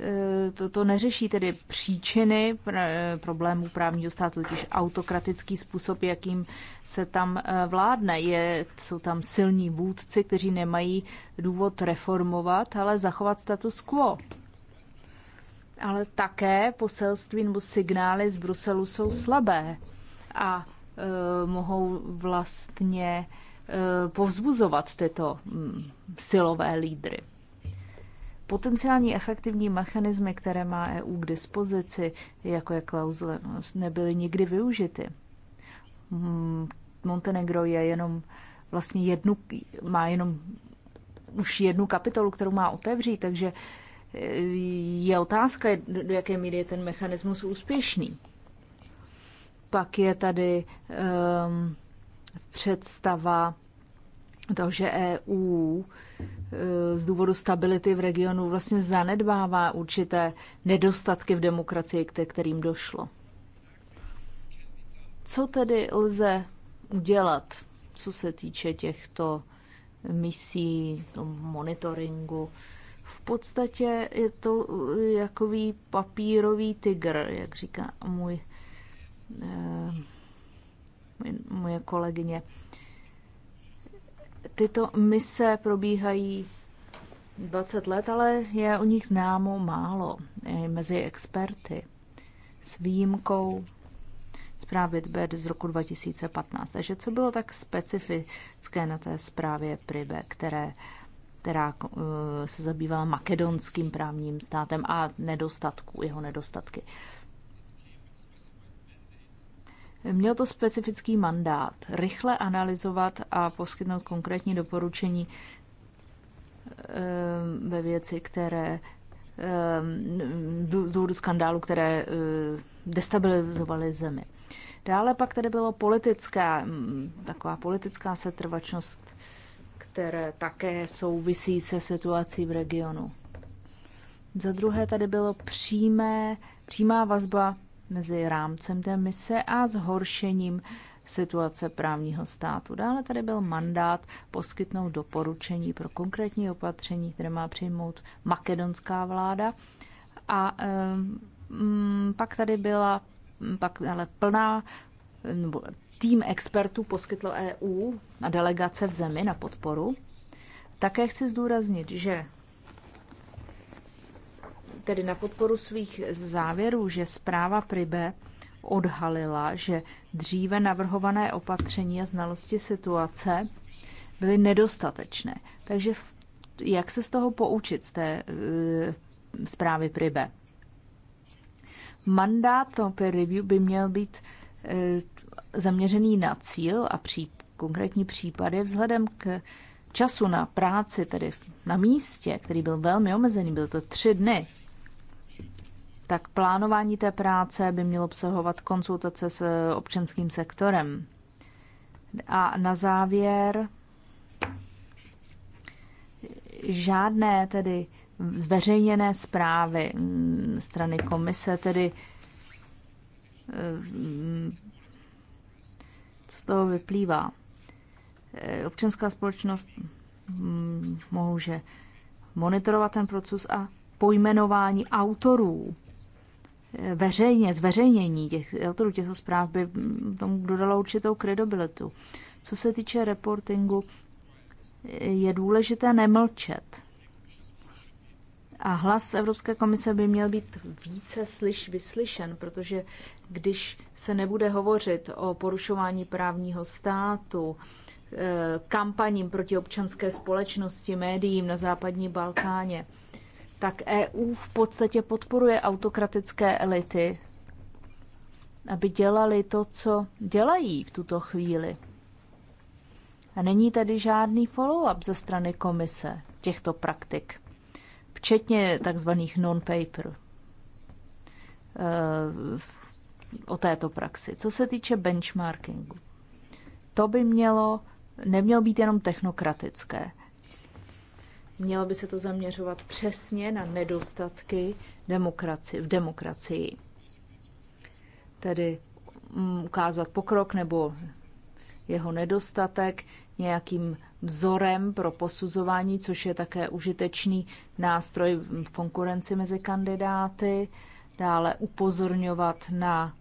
E, to, to neřeší tedy příčiny e, problémů právního státu, totiž autokratický způsob, jakým se tam e, vládne. Je, jsou tam silní vůdci, kteří nemají důvod reformovat, ale zachovat status quo ale také poselství nebo signály z Bruselu jsou slabé a e, mohou vlastně e, povzbuzovat tyto mm, silové lídry. Potenciální efektivní mechanismy, které má EU k dispozici, jako je klauzule, no, nebyly nikdy využity. Mm, Montenegro je jenom vlastně jednu, má jenom už jednu kapitolu, kterou má otevřít, takže je otázka, do jaké míry je ten mechanismus úspěšný. Pak je tady um, představa to, že EU eh, z důvodu stability v regionu vlastně zanedbává určité nedostatky v demokracii, ke kterým došlo. Co tedy lze udělat, co se týče těchto misí, monitoringu? V podstatě je to eh, jakový papírový tygr, jak říká můj, eh, moje kolegyně. Tyto mise probíhají 20 let, ale je o nich známo málo mezi experty s výjimkou zprávy Dbed z roku 2015. Takže co bylo tak specifické na té zprávě PRIBE, které která eh, se zabývala makedonským právním státem a nedostatku, jeho nedostatky. Měl to specifický mandát rychle analyzovat a poskytnout konkrétní doporučení eh, ve věci, které eh, z důvodu skandálu, které destabilizovaly zemi. Dále pak tady bylo politická, mm, taková politická setrvačnost které také souvisí se situací v regionu. Za druhé tady bylo přímé, přímá vazba mezi rámcem té mise a zhoršením situace právního státu. Dále tady byl mandát poskytnout doporučení pro konkrétní opatření, které má přijmout makedonská vláda. A um, pak tady byla pak ale plná tým expertů poskytlo EU a delegace v zemi na podporu. Také chci zdůraznit, že tedy na podporu svých závěrů, že zpráva Pribe odhalila, že dříve navrhované opatření a znalosti situace byly nedostatečné. Takže jak se z toho poučit, z té uh, zprávy Pribe? Mandát to peer review by měl být e, zaměřený na cíl a pří, konkrétní případy vzhledem k času na práci, tedy na místě, který byl velmi omezený, byl to tři dny, tak plánování té práce by mělo obsahovat konzultace s občanským sektorem. A na závěr žádné tedy zveřejněné zprávy mm, strany komise, tedy mm, z toho vyplývá. Eh, občanská společnost může hm, monitorovat ten proces a pojmenování autorů, eh, veřejně, zveřejnění těch autorů těchto zpráv by hm, tomu dodalo určitou kredibilitu. Co se týče reportingu, eh, je důležité nemlčet a hlas Evropské komise by měl být více slyš, vyslyšen, protože když se nebude hovořit o porušování právního státu, eh, kampaním proti občanské společnosti, médiím na západní Balkáně, tak EU v podstatě podporuje autokratické elity, aby dělali to, co dělají v tuto chvíli. A není tady žádný follow-up ze strany komise těchto praktik včetně takzvaných non-paper eh, o této praxi. Co se týče benchmarkingu, to by mělo, nemělo být jenom technokratické. Mělo by se to zaměřovat přesně na nedostatky demokraci, v demokracii. Tedy mm, ukázat pokrok nebo jeho nedostatek, nějakým vzorem pro posuzování, což je také užitečný nástroj v konkurenci mezi kandidáty, dále upozorňovat na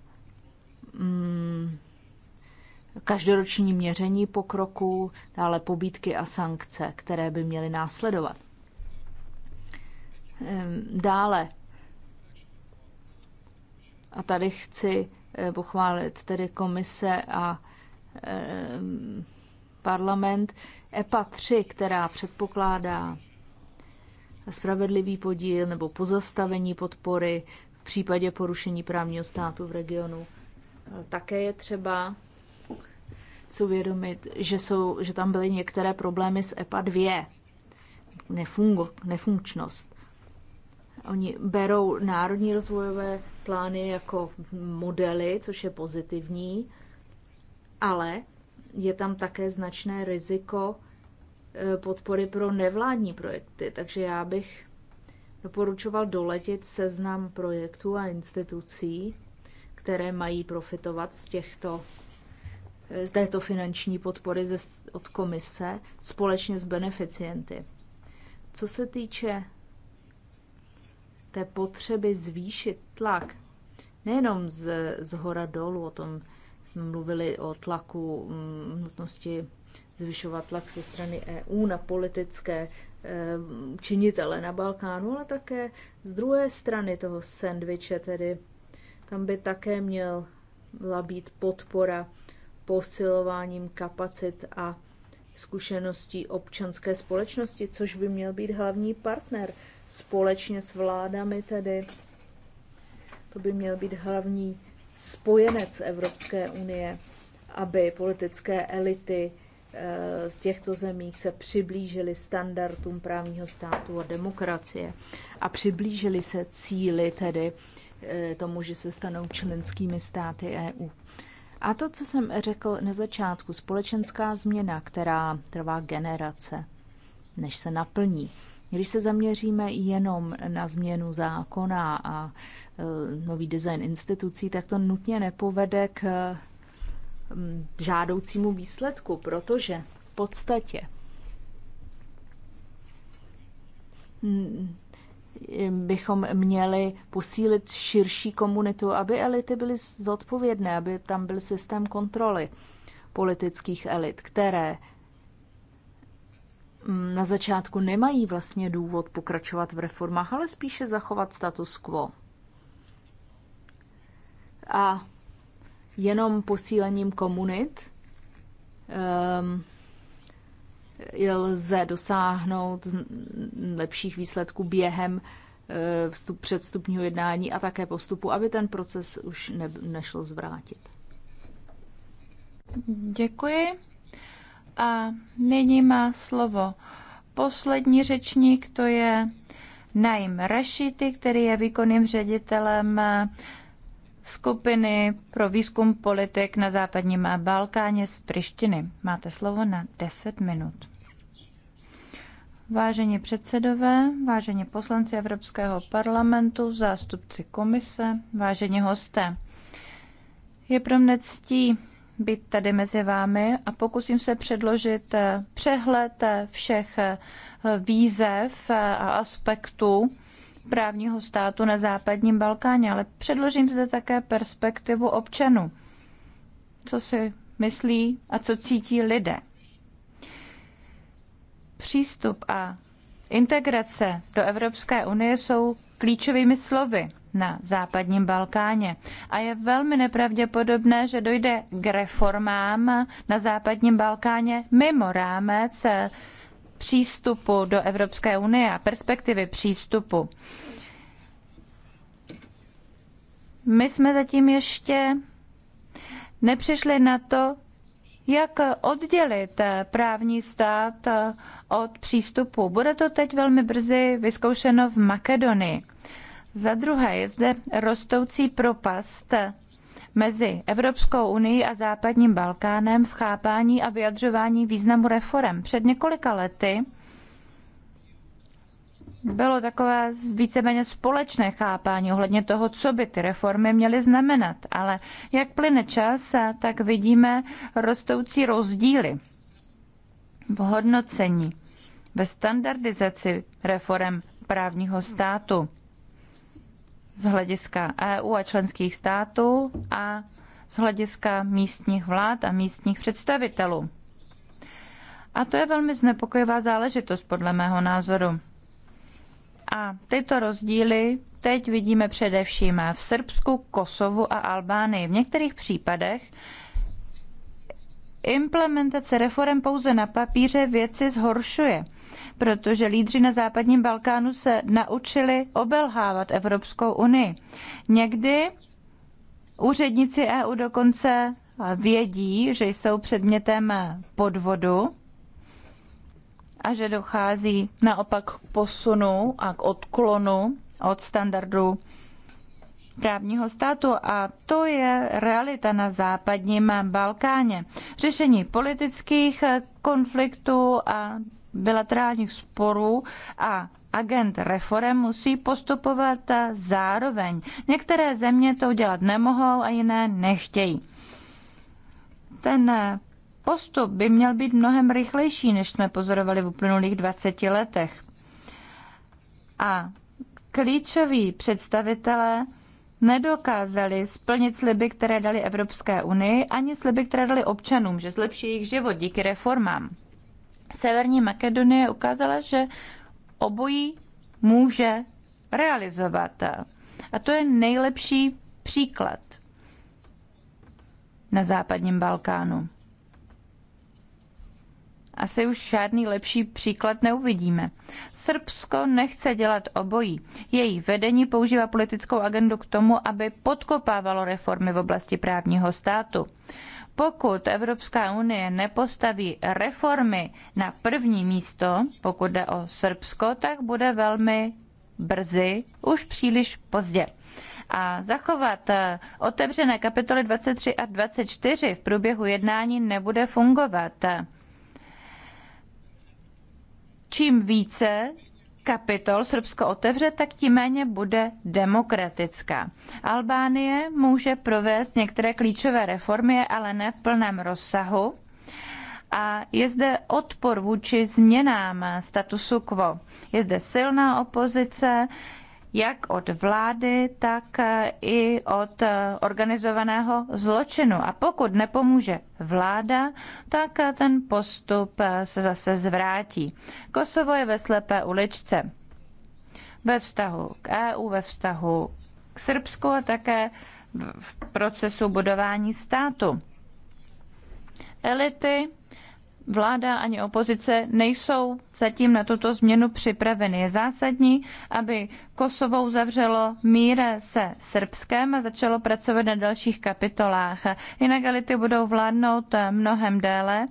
mm, každoroční měření pokroku, dále pobídky a sankce, které by měly následovat. Ehm, dále, a tady chci eh, pochválit tedy komise a ehm, parlament EPA 3, která předpokládá spravedlivý podíl nebo pozastavení podpory v případě porušení právního státu v regionu. Také je třeba si uvědomit, že, jsou, že tam byly některé problémy s EPA 2, nefungo, nefunkčnost. Oni berou národní rozvojové plány jako modely, což je pozitivní, ale je tam také značné riziko e, podpory pro nevládní projekty, takže já bych doporučoval doletit seznam projektů a institucí, které mají profitovat z těchto e, z této finanční podpory ze, od komise společně s beneficienty. Co se týče té potřeby zvýšit tlak, nejenom z, z hora dolů, o tom jsme mluvili o tlaku, mm, nutnosti zvyšovat tlak ze strany EU na politické eh, činitele na Balkánu, ale také z druhé strany toho sandviče, tedy tam by také měla být podpora posilováním kapacit a zkušeností občanské společnosti, což by měl být hlavní partner společně s vládami tedy. To by měl být hlavní spojenec Evropské unie, aby politické elity eh, v těchto zemích se přiblížily standardům právního státu a demokracie a přiblížily se cíly tedy eh, tomu, že se stanou členskými státy EU. A to, co jsem řekl na začátku, společenská změna, která trvá generace, než se naplní. Když se zaměříme jenom na změnu zákona a e, nový design institucí, tak to nutně nepovede k e, žádoucímu výsledku, protože v podstatě bychom měli posílit širší komunitu, aby elity byly zodpovědné, aby tam byl systém kontroly politických elit, které Mm, na začátku nemají vlastně důvod pokračovat v reformách, ale spíše zachovat status quo. A jenom posílením komunit um, lze dosáhnout lepších výsledků během eh, vstup, předstupního jednání a také postupu, aby ten proces už ne, nešlo zvrátit. Děkuji. A nyní má slovo poslední řečník, to je Naim Rashidi, který je výkonným ředitelem skupiny pro výzkum politik na západním Balkáně z Prištiny. Máte slovo na 10 minut. Vážení předsedové, vážení poslanci Evropského parlamentu, zástupci komise, vážení hosté, je pro mne ctí být tady mezi vámi a pokusím se předložit eh, přehled eh, všech eh, výzev a aspektů právního státu na západním Balkáně, ale předložím zde také perspektivu občanů. Co si myslí a co cítí lidé. Přístup a integrace do Evropské unie jsou klíčovými slovy na západním Balkáně. A je velmi nepravděpodobné, že dojde k reformám na západním Balkáně mimo rámec eh, přístupu do Evropské unie a perspektivy přístupu. My jsme zatím ještě nepřišli na to, jak oddělit eh, právní stát eh, od přístupu. Bude to teď velmi brzy vyzkoušeno v Makedonii. Za druhé je zde rostoucí propast mezi Evropskou unii a západním Balkánem v chápání a vyjadřování významu reform. Před několika lety bylo takové víceméně společné chápání ohledně toho, co by ty reformy měly znamenat. Ale jak plyne čas, tak vidíme rostoucí rozdíly v hodnocení, ve standardizaci reform právního státu z hlediska EU a členských států a z hlediska místních vlád a místních představitelů. A to je velmi znepokojivá záležitost podle mého názoru. A tyto rozdíly teď vidíme především v Srbsku, Kosovu a Albánii. V některých případech implementace reform pouze na papíře věci zhoršuje, protože lídři na západním Balkánu se naučili obelhávat Evropskou unii. Někdy úředníci EU dokonce vědí, že jsou předmětem podvodu a že dochází naopak k posunu a k odklonu od standardu právního státu a to je realita na západním Balkáně. Řešení politických konfliktů a bilaterálních sporů a agent reform musí postupovat zároveň. Některé země to udělat nemohou a jiné nechtějí. Ten postup by měl být mnohem rychlejší, než jsme pozorovali v uplynulých 20 letech. A klíčoví představitelé nedokázali splnit sliby, které dali Evropské unii, ani sliby, které dali občanům, že zlepší jejich život díky reformám. Severní Makedonie ukázala, že obojí může realizovat. A to je nejlepší příklad na západním Balkánu. Asi už žádný lepší příklad neuvidíme. Srbsko nechce dělat obojí. Její vedení používá politickou agendu k tomu, aby podkopávalo reformy v oblasti právního státu. Pokud Evropská unie nepostaví reformy na první místo, pokud jde o Srbsko, tak bude velmi brzy, už příliš pozdě a zachovat eh, otevřené kapitoly 23 a 24 v průběhu jednání nebude fungovat čím více kapitol Srbsko otevře, tak tím méně bude demokratická. Albánie může provést některé klíčové reformy, ale ne v plném rozsahu. A je zde odpor vůči změnám statusu quo. Je zde silná opozice, jak od vlády, tak eh, i od eh, organizovaného zločinu. A pokud nepomůže vláda, tak eh, ten postup se zase zvrátí. Kosovo je ve slepé uličce ve vztahu k EU, ve vztahu k Srbsku a také v procesu budování státu. Elity vláda ani opozice nejsou zatím na tuto změnu připraveny. Je zásadní, aby Kosovo uzavřelo mír se Srbskem a začalo pracovat na dalších kapitolách. Jinak elity budou vládnout mnohem déle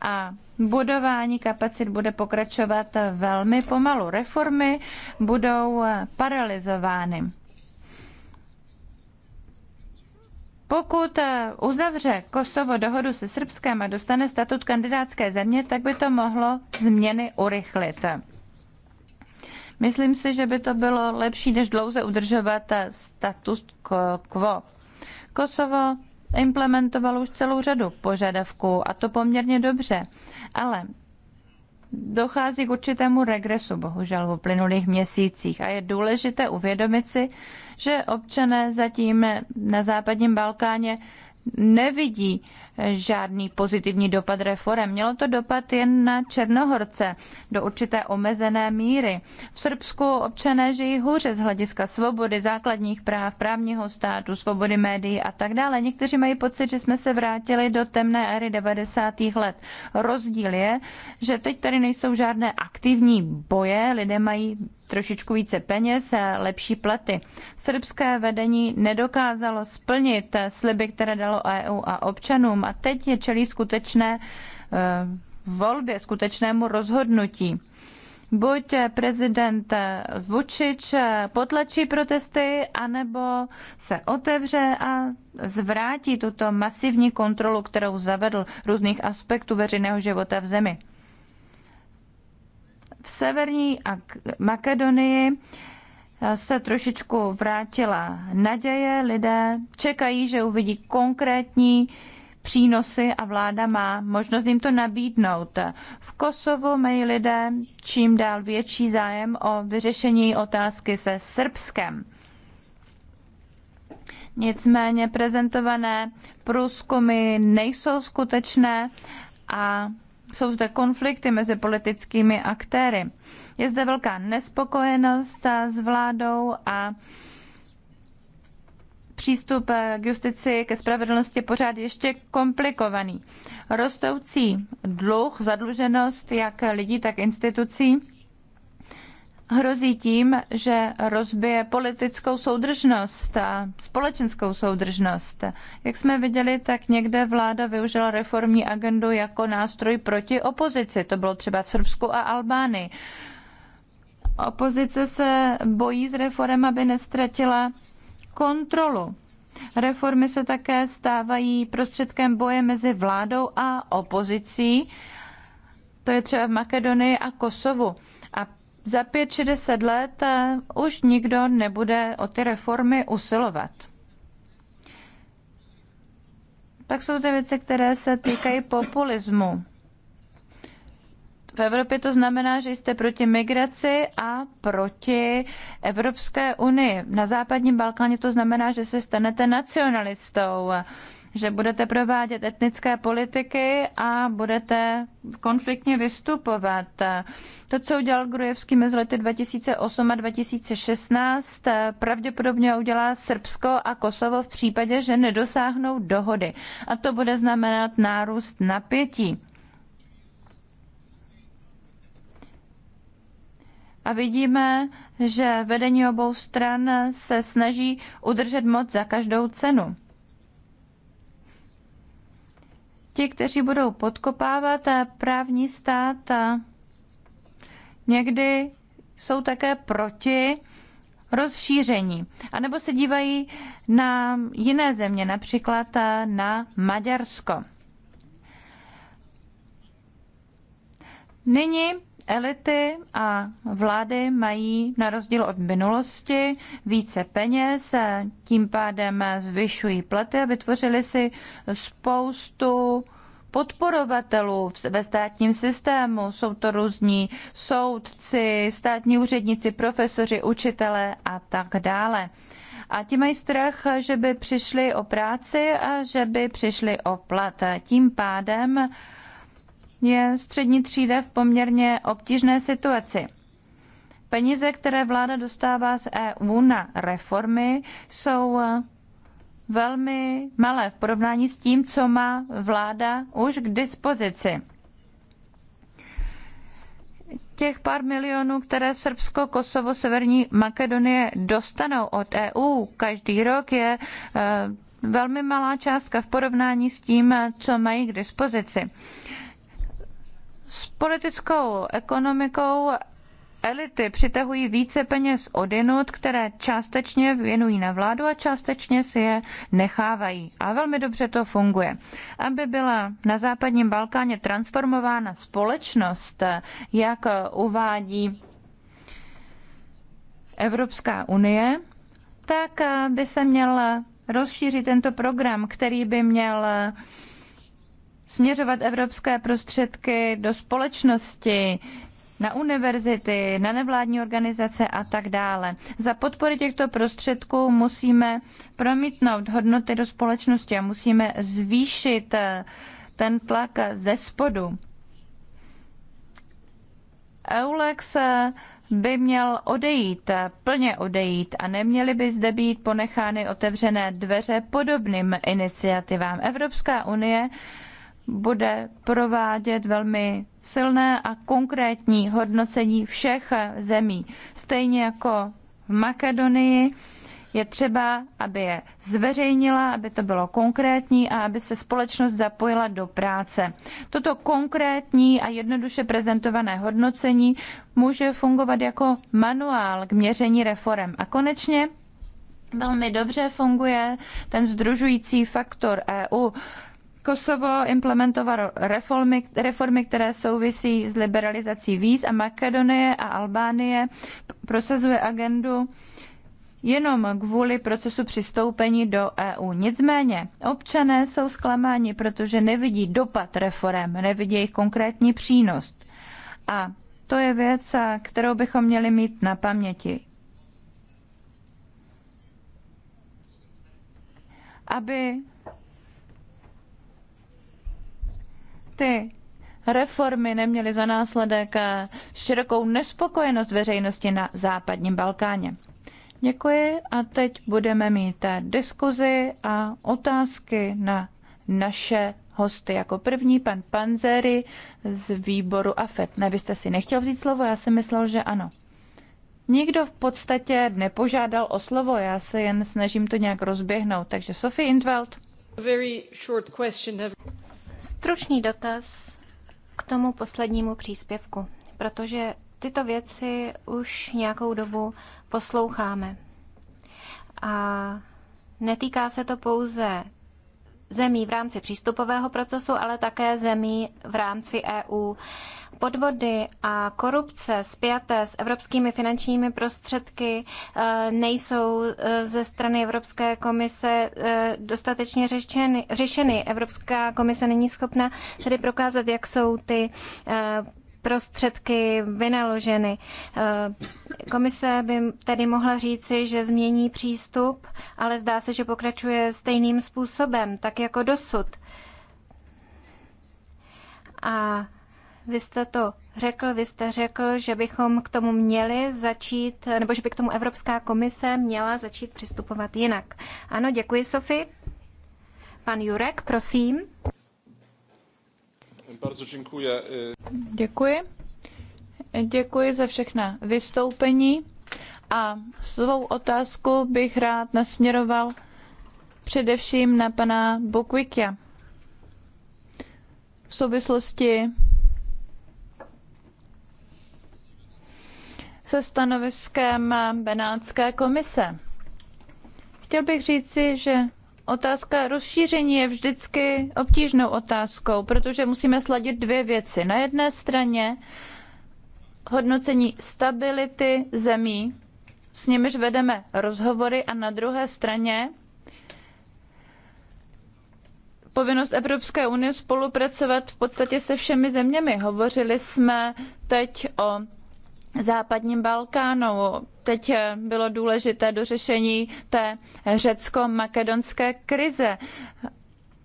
a budování kapacit bude pokračovat velmi pomalu. Reformy budou paralizovány. Pokud eh, uzavře Kosovo dohodu se Srbskem a dostane statut kandidátské země, tak by to mohlo změny urychlit. Myslím si, že by to bylo lepší, než dlouze udržovat eh, status quo. Kosovo implementovalo už celou řadu požadavků a to poměrně dobře, ale dochází k určitému regresu, bohužel, v uplynulých měsících. A je důležité uvědomit si, že občané zatím na západním Balkáně nevidí žádný pozitivní dopad reform. Mělo to dopad jen na Černohorce do určité omezené míry. V Srbsku občané žijí hůře z hlediska svobody, základních práv, právního státu, svobody médií a tak dále. Někteří mají pocit, že jsme se vrátili do temné éry 90. let. Rozdíl je, že teď tady nejsou žádné aktivní boje, lidé mají trošičku více peněz a eh, lepší platy. Srbské vedení nedokázalo splnit eh, sliby, které dalo EU a občanům a teď je čelí skutečné eh, volbě, skutečnému rozhodnutí. Buď prezident Vučič potlačí protesty, anebo se otevře a zvrátí tuto masivní kontrolu, kterou zavedl různých aspektů veřejného života v zemi. V severní Makedonii eh, se trošičku vrátila naděje. Lidé čekají, že uvidí konkrétní přínosy a vláda má možnost jim to nabídnout. V Kosovu mají lidé čím dál větší zájem o vyřešení otázky se Srbskem. Nicméně prezentované průzkumy nejsou skutečné a jsou zde konflikty mezi politickými aktéry. Je zde velká nespokojenost s vládou a přístup k justici, ke spravedlnosti pořád ještě komplikovaný. Rostoucí dluh, zadluženost jak lidí, tak institucí hrozí tím, že rozbije politickou soudržnost a společenskou soudržnost. Jak jsme viděli, tak někde vláda využila reformní agendu jako nástroj proti opozici. To bylo třeba v Srbsku a Albánii. Opozice se bojí z reform, aby nestratila kontrolu. Reformy se také stávají prostředkem boje mezi vládou a opozicí. To je třeba v Makedonii a Kosovu za 5-10 let eh, už nikdo nebude o ty reformy usilovat. Pak jsou ty věci, které se týkají populismu. V Evropě to znamená, že jste proti migraci a proti Evropské unii. Na západním Balkáně to znamená, že se stanete nacionalistou že budete provádět etnické politiky a budete konfliktně vystupovat. To, co udělal Grujevský mezi lety 2008 a 2016, pravděpodobně udělá Srbsko a Kosovo v případě, že nedosáhnou dohody. A to bude znamenat nárůst napětí. a vidíme, že vedení obou stran se snaží udržet moc za každou cenu. ti, kteří budou podkopávat právní stát, někdy jsou také proti rozšíření. A nebo se dívají na jiné země, například na Maďarsko. Nyní elity a vlády mají na rozdíl od minulosti více peněz, tím pádem zvyšují platy a vytvořili si spoustu podporovatelů ve státním systému. Jsou to různí soudci, státní úředníci, profesoři, učitelé a tak dále. A ti mají strach, že by přišli o práci a že by přišli o plat. Tím pádem je vlastně střední třída v poměrně obtížné situaci. Peníze, které vláda dostává z EU na reformy, jsou eh, velmi malé v porovnání s tím, co má vláda už k dispozici. Těch pár milionů, které Srbsko, Kosovo, Severní Makedonie dostanou od EU každý rok, je eh, velmi malá částka v porovnání s tím, eh, co mají k dispozici. S politickou ekonomikou elity přitahují více peněz odinut, které částečně věnují na vládu a částečně si je nechávají. A velmi dobře to funguje. Aby byla na západním Balkáně transformována společnost, jak uvádí Evropská unie, tak by se měl rozšířit tento program, který by měl směřovat evropské prostředky do společnosti, na univerzity, na nevládní organizace a tak dále. Za podpory těchto prostředků musíme promítnout hodnoty do společnosti a musíme zvýšit eh, ten tlak ze spodu. Eulex eh, by měl odejít, eh, plně odejít a neměly by zde být ponechány otevřené dveře podobným iniciativám. Evropská unie bude provádět velmi silné a konkrétní hodnocení všech zemí. Stejně jako v Makedonii je třeba, aby je zveřejnila, aby to bylo konkrétní a aby se společnost zapojila do práce. Toto konkrétní a jednoduše prezentované hodnocení může fungovat jako manuál k měření reform. A konečně velmi dobře funguje ten združující faktor EU Kosovo implementovalo reformy, reformy, které souvisí s liberalizací víz a Makedonie a Albánie prosazuje agendu jenom kvůli procesu přistoupení do EU. Nicméně občané jsou zklamáni, protože nevidí dopad reform, nevidí jejich konkrétní přínos. A to je věc, kterou bychom měli mít na paměti. Aby ty reformy neměly za následek eh, širokou nespokojenost veřejnosti na západním Balkáně. Děkuji a teď budeme mít eh, diskuzi a otázky na naše hosty. Jako první pan Panzeri z výboru AFET. Ne, vy jste si nechtěl vzít slovo, já jsem myslel, že ano. Nikdo v podstatě nepožádal o slovo, já se jen snažím to nějak rozběhnout. Takže Sophie Intveld. Stručný dotaz k tomu poslednímu příspěvku, protože tyto věci už nějakou dobu posloucháme. A netýká se to pouze zemí v rámci přístupového procesu, ale také zemí v rámci EU. Podvody a korupce spjaté s evropskými finančními prostředky e, nejsou e, ze strany Evropské komise e, dostatečně řešeny. Evropská komise není schopna tedy prokázat, jak jsou ty prostředky vynaloženy. Eh, komise by tedy mohla říci, že změní přístup, ale zdá se, že pokračuje stejným způsobem, tak jako dosud. A vy jste to řekl, vy jste řekl, že bychom k tomu měli začít, nebo že by k tomu Evropská komise měla začít přistupovat jinak. Ano, děkuji, Sofie. Pan Jurek, prosím. Děkuji. Děkuji za všechna vystoupení a svou otázku bych rád nasměroval především na pana Bokvikia v souvislosti se stanoviskem Benátské komise. Chtěl bych říci, že Otázka rozšíření je vždycky obtížnou otázkou, protože musíme sladit dvě věci. Na jedné straně hodnocení stability zemí, s nimiž vedeme rozhovory, a na druhé straně povinnost Evropské unie spolupracovat v podstatě se všemi zeměmi. Hovořili jsme teď o západním Balkánu. Teď eh, bylo důležité dořešení té řecko-makedonské krize.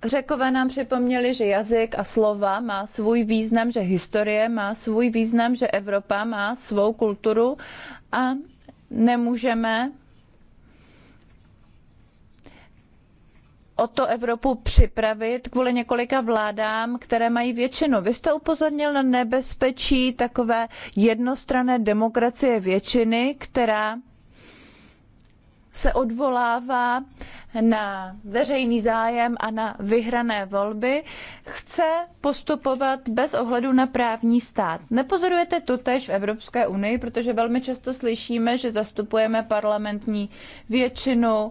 Řekové nám připomněli, že jazyk a slova má svůj význam, že historie má svůj význam, že Evropa má svou kulturu a nemůžeme o to Evropu připravit kvůli několika vládám, které mají většinu. Vy jste upozornil na nebezpečí takové jednostrané demokracie většiny, která se odvolává na veřejný zájem a na vyhrané volby, chce postupovat bez ohledu na právní stát. Nepozorujete to tež v Evropské unii, protože velmi často slyšíme, že zastupujeme parlamentní většinu,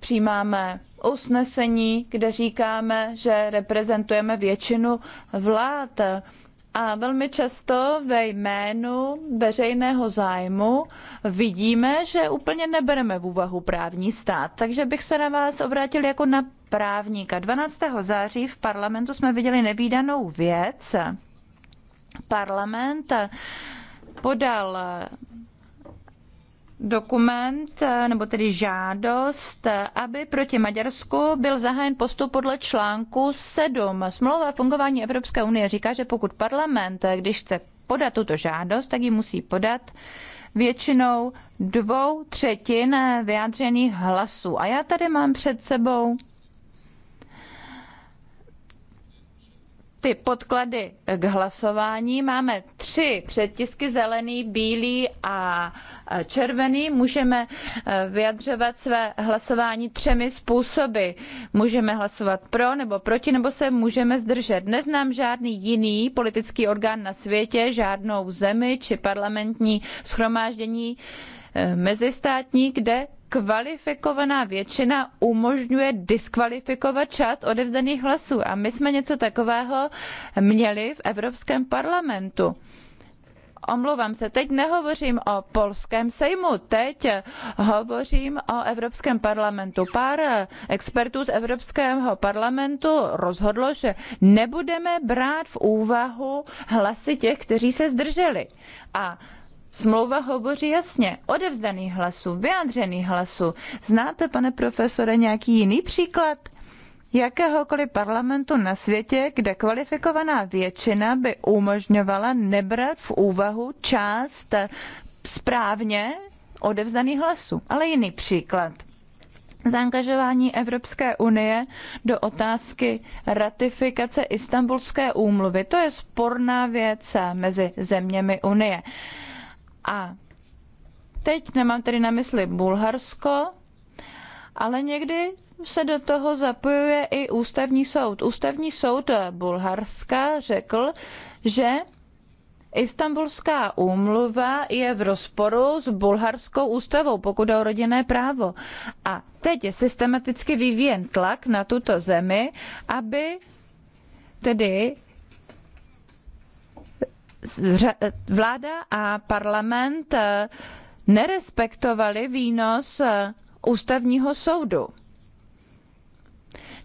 přijímáme usnesení, kde říkáme, že reprezentujeme většinu vlád. A velmi často ve jménu veřejného zájmu vidíme, že úplně nebereme v úvahu právní stát. Takže bych se na vás obrátil jako na právníka. 12. září v parlamentu jsme viděli nevýdanou věc. Parlament podal dokument, eh, nebo tedy žádost, eh, aby proti Maďarsku byl zahájen postup podle článku 7. Smlouva fungování Evropské unie říká, že pokud parlament, eh, když chce podat tuto žádost, tak ji musí podat většinou dvou třetin vyjádřených hlasů. A já tady mám před sebou ty podklady k hlasování. Máme tři předtisky, zelený, bílý a e, červený. Můžeme e, vyjadřovat své hlasování třemi způsoby. Můžeme hlasovat pro nebo proti, nebo se můžeme zdržet. Neznám žádný jiný politický orgán na světě, žádnou zemi či parlamentní schromáždění, Eh, mezistátní, kde kvalifikovaná většina umožňuje diskvalifikovat část odevzdaných hlasů. A my jsme něco takového měli v Evropském parlamentu omlouvám se, teď nehovořím o polském sejmu, teď hovořím o Evropském parlamentu. Pár expertů z Evropského parlamentu rozhodlo, že nebudeme brát v úvahu hlasy těch, kteří se zdrželi. A Smlouva hovoří jasně, odevzdaný hlasu, vyjádřený hlasu. Znáte, pane profesore, nějaký jiný příklad? jakéhokoliv parlamentu na světě, kde kvalifikovaná většina by umožňovala nebrat v úvahu část eh, správně odevzdaných hlasů. Ale jiný příklad. Zaangažování Evropské unie do otázky ratifikace Istanbulské úmluvy. To je sporná věc eh, mezi zeměmi Unie. A teď nemám tedy na mysli Bulharsko, ale někdy se do toho zapojuje i ústavní soud. Ústavní soud Bulharska řekl, že Istanbulská úmluva je v rozporu s bulharskou ústavou, pokud o rodinné právo. A teď je systematicky vyvíjen tlak na tuto zemi, aby tedy vláda a parlament eh, nerespektovali výnos eh, ústavního soudu.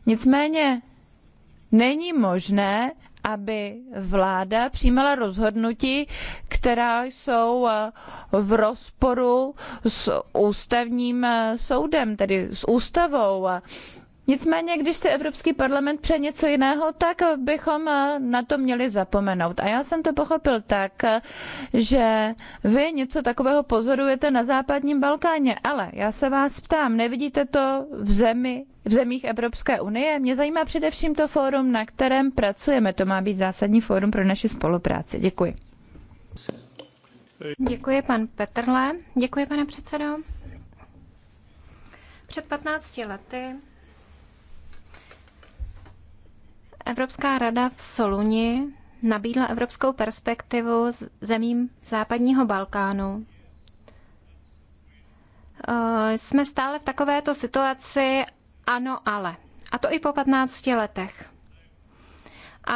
Nicméně není možné, aby vláda přijímala rozhodnutí, která jsou eh, v rozporu s ústavním soudem, tedy s ústavou. Nicméně, když si Evropský parlament pře něco jiného, tak bychom eh, na to měli zapomenout. A já jsem to pochopil tak, že vy něco takového pozorujete na západním Balkáně, ale já se vás ptám, nevidíte to v zemi, v zemích Evropské unie? Mě zajímá především to fórum, na kterém pracujeme. To má být zásadní fórum pro naši spolupráci. Děkuji. Děkuji, pan Petrle. Děkuji, pane předsedo. Před 15 lety Evropská rada v Soluni nabídla evropskou perspektivu zemím západního Balkánu. Eh, jsme stále v takovéto situaci ano, ale. A to i po 15 letech. A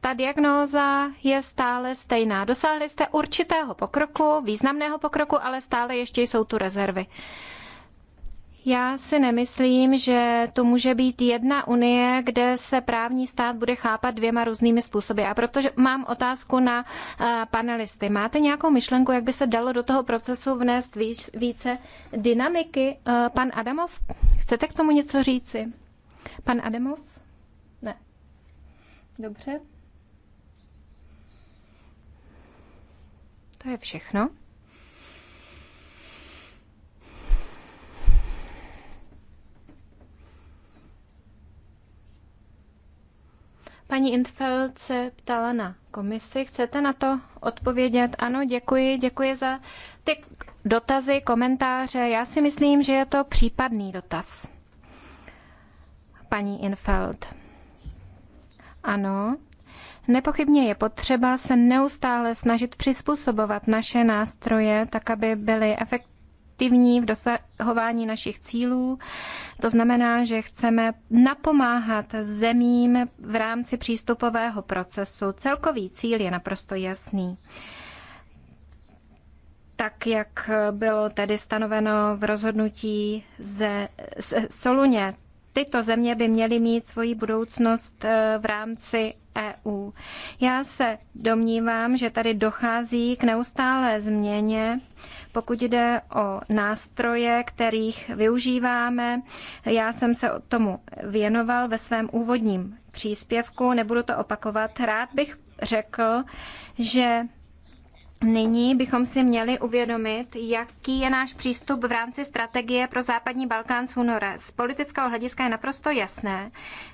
ta diagnóza je stále stejná. Dosáhli jste určitého pokroku, významného pokroku, ale stále ještě jsou tu rezervy. Uh, já si nemyslím, že to může být jedna unie, kde se právní stát bude chápat dvěma různými způsoby. A protože mám otázku na eh, panelisty. Máte nějakou myšlenku, jak by se dalo do toho procesu vnést více dynamiky? Eh, pan Adamov, chcete k tomu něco říci? Pan Adamov? Ne. Dobře. To je všechno. Paní Intfeld se ptala na komisi. Chcete na to odpovědět? Ano, děkuji. Děkuji za ty dotazy, komentáře. Já si myslím, že je to případný dotaz. Paní Infeld. Ano. Nepochybně je potřeba se neustále snažit přizpůsobovat naše nástroje tak, aby byly efektivní aktivní v dosahování našich cílů. To znamená, že chceme napomáhat zemím v rámci přístupového procesu. Celkový cíl je naprosto jasný tak, jak bylo tedy stanoveno v rozhodnutí ze Soluně tyto země by měly mít svoji budoucnost eh, v rámci EU. Já se domnívám, že tady dochází k neustálé změně, pokud jde o nástroje, kterých využíváme. Já jsem se tomu věnoval ve svém úvodním příspěvku, nebudu to opakovat. Rád bych řekl, že Nyní bychom si měli uvědomit, jaký je náš přístup v rámci strategie pro západní Balkán z února. Z politického hlediska je naprosto jasné,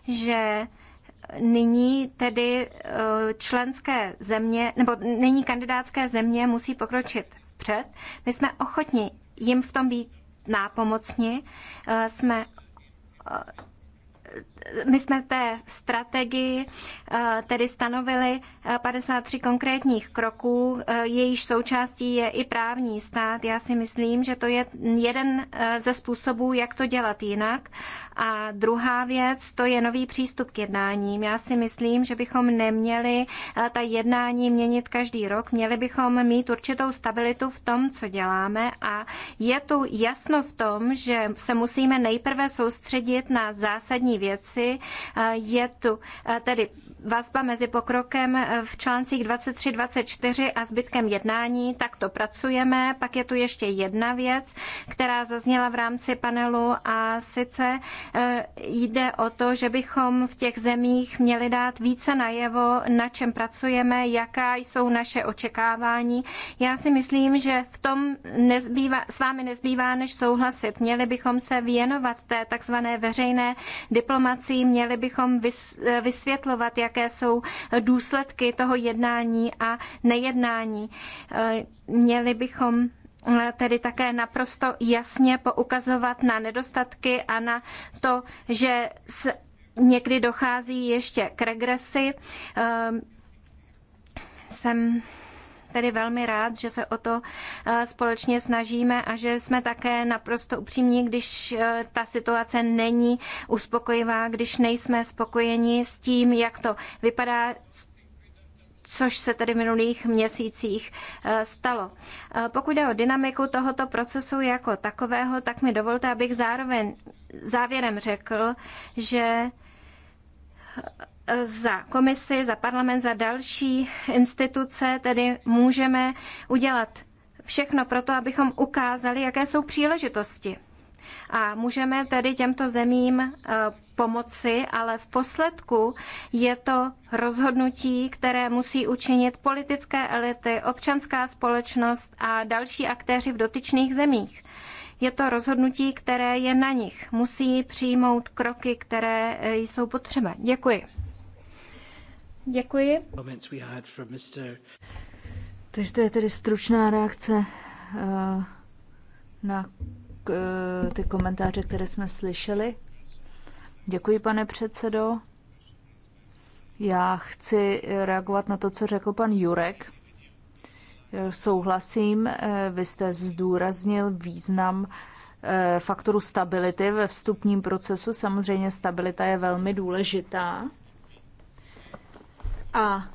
že nyní tedy eh, členské země, nebo nyní kandidátské země musí pokročit před. My jsme ochotni jim v tom být nápomocni, eh, jsme eh, my jsme té strategii eh, tedy stanovili 53 eh, konkrétních kroků, eh, jejíž součástí je i právní stát. Já si myslím, že to je jeden ze způsobů, jak to dělat jinak. A druhá věc, to je nový přístup k jednáním. Já si myslím, že bychom neměli ta jednání měnit každý rok, měli bychom mít určitou stabilitu v tom, co děláme a je tu jasno v tom, že se musíme nejprve soustředit na zásadní věci. Je tu tedy vazba mezi pokrokem eh, v článcích 23, 24 a zbytkem jednání. Tak to pracujeme. Pak je tu ještě jedna věc, která zazněla v rámci panelu a sice eh, jde o to, že bychom v těch zemích měli dát více najevo, na čem pracujeme, jaká jsou naše očekávání. Já si myslím, že v tom nezbývá, s vámi nezbývá než souhlasit. Měli bychom se věnovat té takzvané veřejné diplomacii, měli bychom eh, vysvětlovat, jaké jaké jsou důsledky toho jednání a nejednání. Měli bychom eh, tedy také naprosto jasně poukazovat na nedostatky a na to, že někdy dochází ještě k regresi. Ehm, jsem tedy velmi rád, že se o to eh, společně snažíme a že jsme také naprosto upřímní, když eh, ta situace není uspokojivá, když nejsme spokojeni s tím, jak to vypadá, což se tedy v minulých měsících eh, stalo. Pokud jde o dynamiku tohoto procesu jako takového, tak mi dovolte, abych zároveň závěrem řekl, že za komisi, za parlament, za další instituce, tedy můžeme udělat všechno pro to, abychom ukázali, jaké jsou příležitosti. A můžeme tedy těmto zemím e, pomoci, ale v posledku je to rozhodnutí, které musí učinit politické elity, občanská společnost a další aktéři v dotyčných zemích. Je to rozhodnutí, které je na nich. Musí přijmout kroky, které e, jsou potřeba. Děkuji. Děkuji. Takže to je tedy stručná reakce eh, na eh, ty komentáře, které jsme slyšeli. Děkuji, pane předsedo. Já chci reagovat na to, co řekl pan Jurek. Eh, souhlasím, vy jste zdůraznil význam faktoru stability ve vstupním procesu. Samozřejmě stabilita je velmi důležitá a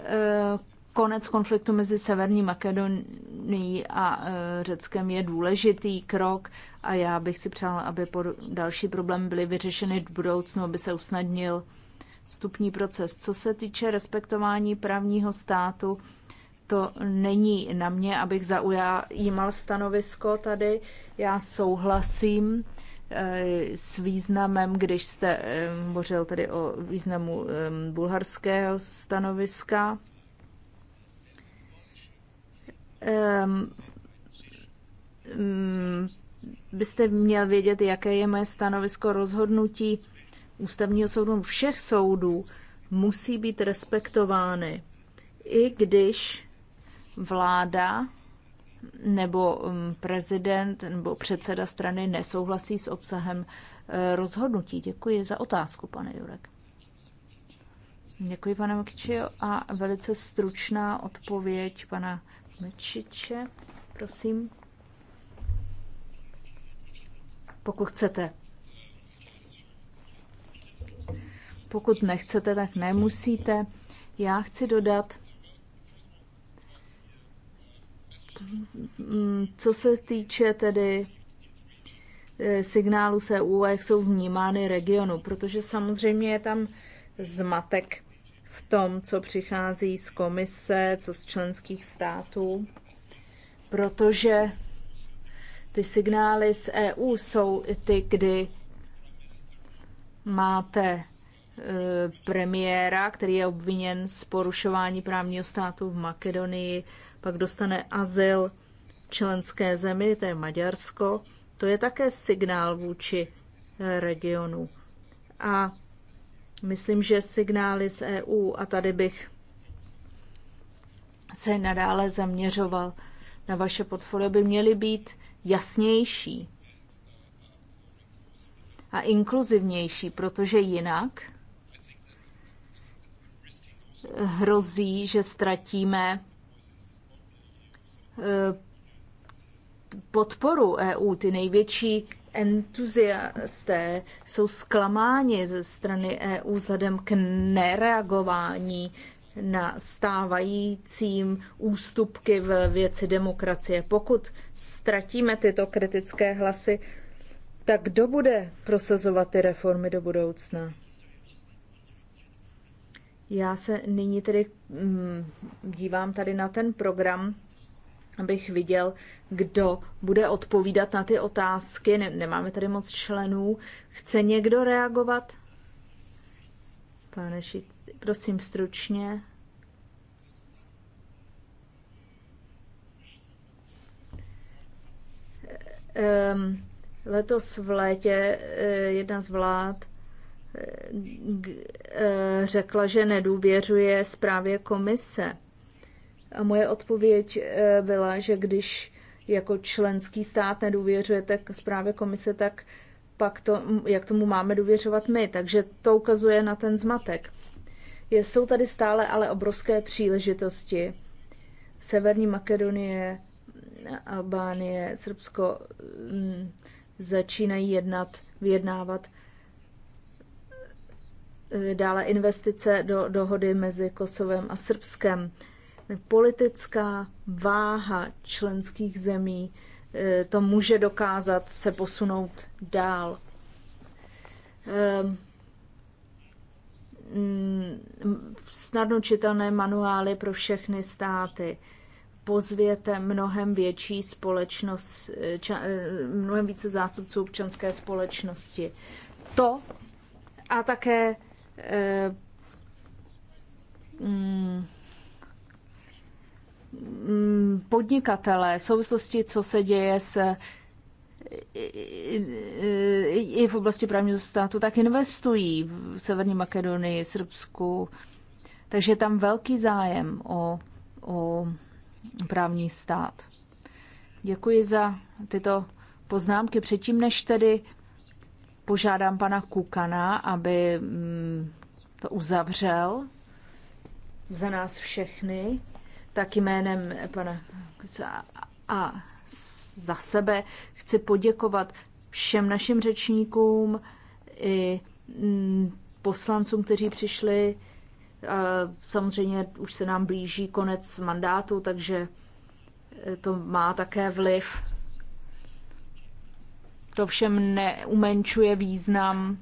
e, konec konfliktu mezi Severní Makedonií a e, Řeckem je důležitý krok a já bych si přál, aby další problémy byly vyřešeny v budoucnu, aby se usnadnil vstupní proces. Co se týče respektování právního státu, to není na mě, abych zaujímal stanovisko tady. Já souhlasím Eh, s významem, když jste eh, hovořil tedy o významu eh, bulharského stanoviska. Ehm, mm, byste měl vědět, jaké je moje stanovisko rozhodnutí ústavního soudu všech soudů musí být respektovány, i když vláda nebo um, prezident nebo předseda strany nesouhlasí s obsahem eh, rozhodnutí. Děkuji za otázku, pane Jurek. Děkuji, pane Mokičio. A velice stručná odpověď pana Mečiče, prosím. Pokud chcete. Pokud nechcete, tak nemusíte. Já chci dodat, Mm, co se týče tedy eh, signálu se EU, jak jsou vnímány regionu, protože samozřejmě je tam zmatek v tom, co přichází z komise, co z členských států, protože ty signály z EU jsou i ty, kdy máte eh, premiéra, který je obviněn z porušování právního státu v Makedonii pak dostane azyl členské zemi, to je Maďarsko, to je také signál vůči eh, regionu. A myslím, že signály z EU, a tady bych se nadále zaměřoval na vaše portfolio, by měly být jasnější a inkluzivnější, protože jinak hrozí, že ztratíme podporu EU. Ty největší entuziasté jsou zklamáni ze strany EU vzhledem k nereagování na stávajícím ústupky v věci demokracie. Pokud ztratíme tyto kritické hlasy, tak kdo bude prosazovat ty reformy do budoucna? Já se nyní tedy mm, dívám tady na ten program abych viděl, kdo bude odpovídat na ty otázky. Nemáme tady moc členů. Chce někdo reagovat? Pane Šit, prosím stručně. Um, letos v létě eh, jedna z vlád eh, eh, řekla, že nedůvěřuje zprávě komise a moje odpověď eh, byla, že když jako členský stát nedůvěřujete k zprávě komise, tak pak to, jak tomu máme důvěřovat my. Takže to ukazuje na ten zmatek. Je, jsou tady stále ale obrovské příležitosti. Severní Makedonie, Albánie, Srbsko mm, začínají jednat, vyjednávat. Eh, dále investice do dohody mezi Kosovem a Srbskem politická váha členských zemí eh, to může dokázat se posunout dál. Ehm, mm, Snadno čitelné manuály pro všechny státy. Pozvěte mnohem větší společnost, eh, eh, mnohem více zástupců občanské společnosti. To a také mm, Mm, podnikatele, souvislosti, co se děje s i v oblasti právního státu, tak investují v Severní Makedonii, Srbsku. Takže je tam velký zájem o, o právní stát. Děkuji za tyto poznámky. Předtím, než tedy požádám pana Kukana, aby mm, to uzavřel za nás všechny, tak jménem pana a za sebe chci poděkovat všem našim řečníkům i mm, poslancům, kteří přišli. E, samozřejmě už se nám blíží konec mandátu, takže e, to má také vliv. To všem neumenčuje význam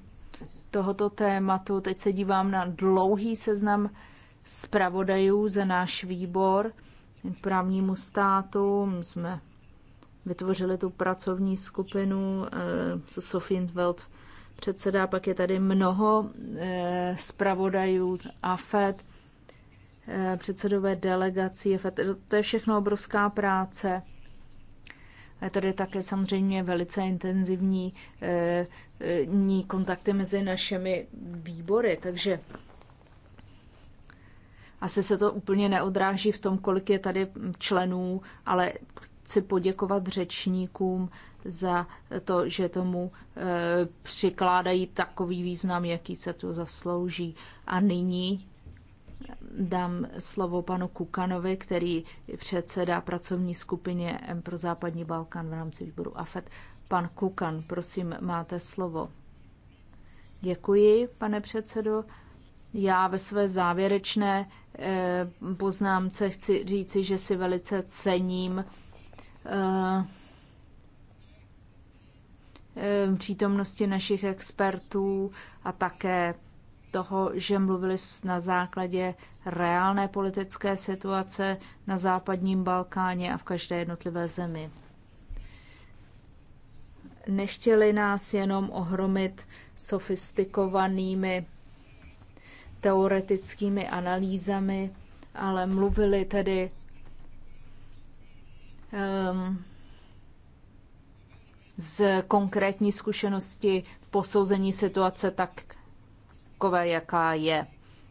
tohoto tématu. Teď se dívám na dlouhý seznam zpravodajů za náš výbor k právnímu státu. My jsme vytvořili tu pracovní skupinu, eh, co Sofie Welt předsedá, pak je tady mnoho eh, zpravodajů z AFED, eh, předsedové delegací, AFED. to je všechno obrovská práce. Je tady také samozřejmě velice intenzivní kontakty mezi našimi výbory, takže asi se to úplně neodráží v tom, kolik je tady členů, ale chci poděkovat řečníkům za to, že tomu e, přikládají takový význam, jaký se to zaslouží. A nyní dám slovo panu Kukanovi, který předsedá pracovní skupině M pro západní Balkán v rámci výboru AFET. Pan Kukan, prosím, máte slovo. Děkuji, pane předsedo. Já ve své závěrečné Eh, poznámce chci říci, že si velice cením eh, přítomnosti našich expertů a také toho, že mluvili na základě reálné politické situace na západním Balkáně a v každé jednotlivé zemi. Nechtěli nás jenom ohromit sofistikovanými teoretickými analýzami, ale mluvili tedy um, z konkrétní zkušenosti posouzení situace takové, jaká je.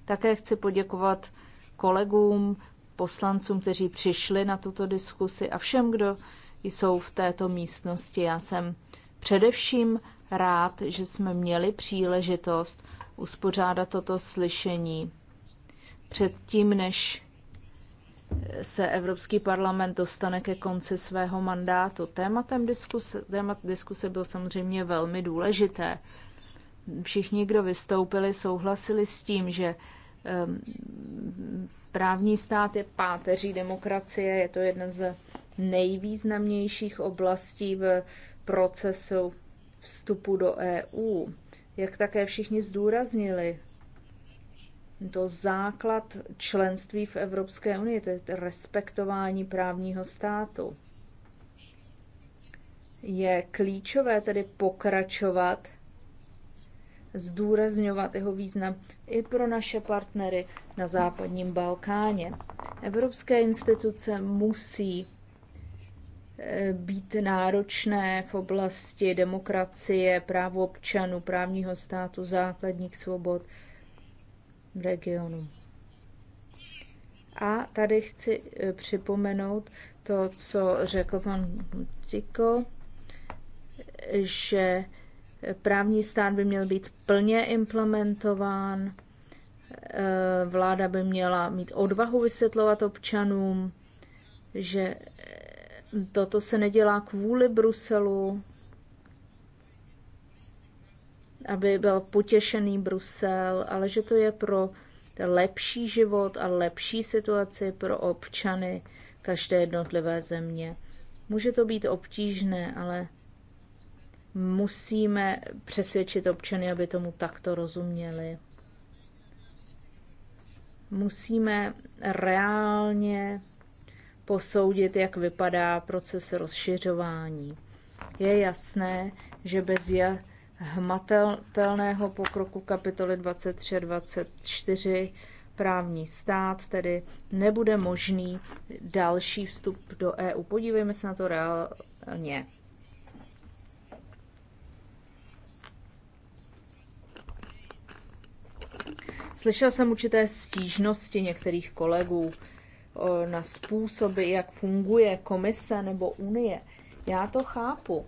Také chci poděkovat kolegům, poslancům, kteří přišli na tuto diskusi a všem, kdo jsou v této místnosti. Já jsem především rád, že jsme měli příležitost uspořádat toto slyšení předtím, než se Evropský parlament dostane ke konci svého mandátu. Tématem diskuse, témat diskuse bylo samozřejmě velmi důležité. Všichni, kdo vystoupili, souhlasili s tím, že um, právní stát je páteří demokracie, je to jedna z nejvýznamnějších oblastí v procesu vstupu do EU jak také všichni zdůraznili, to základ členství v Evropské unii, to je respektování právního státu. Je klíčové tedy pokračovat, zdůrazňovat jeho význam i pro naše partnery na západním Balkáně. Evropské instituce musí Eh, být náročné v oblasti demokracie, právo občanů, právního státu, základních svobod v regionu. A tady chci eh, připomenout to, co řekl pan Tiko, že právní stát by měl být plně implementován, eh, vláda by měla mít odvahu vysvětlovat občanům, že Toto se nedělá kvůli Bruselu, aby byl potěšený Brusel, ale že to je pro lepší život a lepší situaci pro občany každé jednotlivé země. Může to být obtížné, ale musíme přesvědčit občany, aby tomu takto rozuměli. Musíme reálně posoudit, jak vypadá proces rozšiřování. Je jasné, že bez hmatelného pokroku kapitoly 23 a 24 právní stát, tedy nebude možný další vstup do EU. Podívejme se na to reálně. Slyšel jsem určité stížnosti některých kolegů na způsoby, jak funguje komise nebo unie. Já to chápu.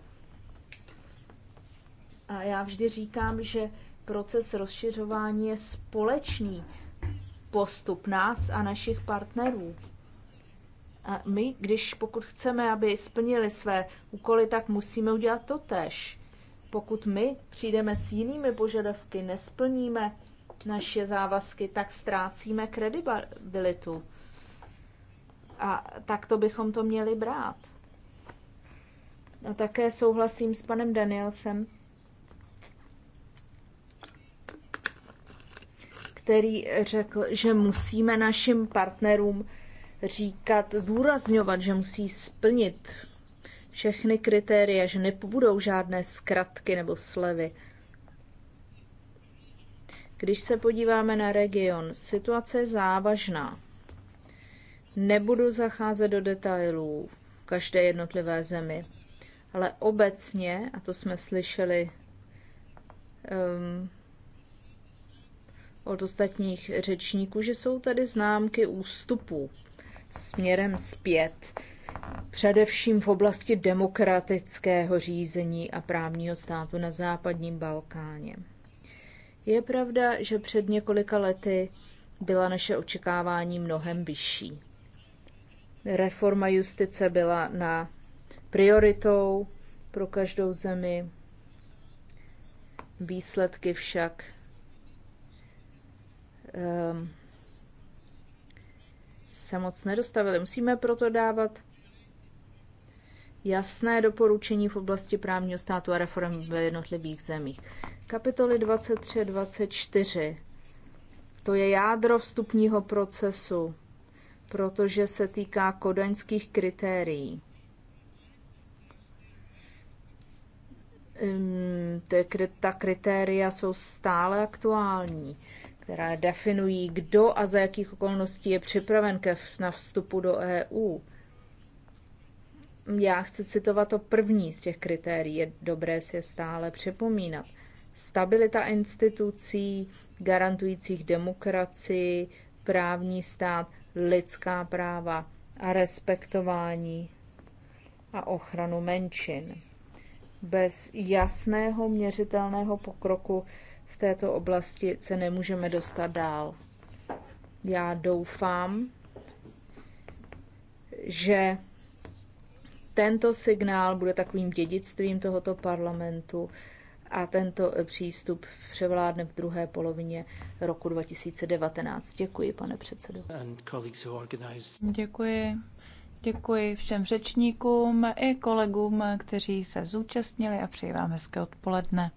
A já vždy říkám, že proces rozšiřování je společný postup nás a našich partnerů. A my, když pokud chceme, aby splnili své úkoly, tak musíme udělat to tež. Pokud my přijdeme s jinými požadavky, nesplníme naše závazky, tak ztrácíme kredibilitu. A tak to bychom to měli brát. A také souhlasím s panem Danielsem, který řekl, že musíme našim partnerům říkat, zdůrazňovat, že musí splnit všechny kritéria, že nebudou žádné zkratky nebo slevy. Když se podíváme na region, situace je závažná. Nebudu zacházet do detailů v každé jednotlivé zemi, ale obecně, a to jsme slyšeli um, od ostatních řečníků, že jsou tady známky ústupu směrem zpět, především v oblasti demokratického řízení a právního státu na západním Balkáně. Je pravda, že před několika lety byla naše očekávání mnohem vyšší. Reforma justice byla na prioritou pro každou zemi. Výsledky však um, se moc nedostavily. Musíme proto dávat jasné doporučení v oblasti právního státu a reform ve jednotlivých zemích. Kapitoly 23 24. To je jádro vstupního procesu protože se týká kodaňských kritérií. Hm, ta kritéria jsou stále aktuální, která definují, kdo a za jakých okolností je připraven ke, na vstupu do EU. Já chci citovat to první z těch kritérií, je dobré si je stále připomínat. Stabilita institucí, garantujících demokracii, právní stát – lidská práva a respektování a ochranu menšin. Bez jasného měřitelného pokroku v této oblasti se nemůžeme dostat dál. Já doufám, že tento signál bude takovým dědictvím tohoto parlamentu a tento přístup převládne v druhé polovině roku 2019. Děkuji, pane předsedo. Děkuji. Děkuji všem řečníkům i kolegům, kteří se zúčastnili a přeji vám hezké odpoledne.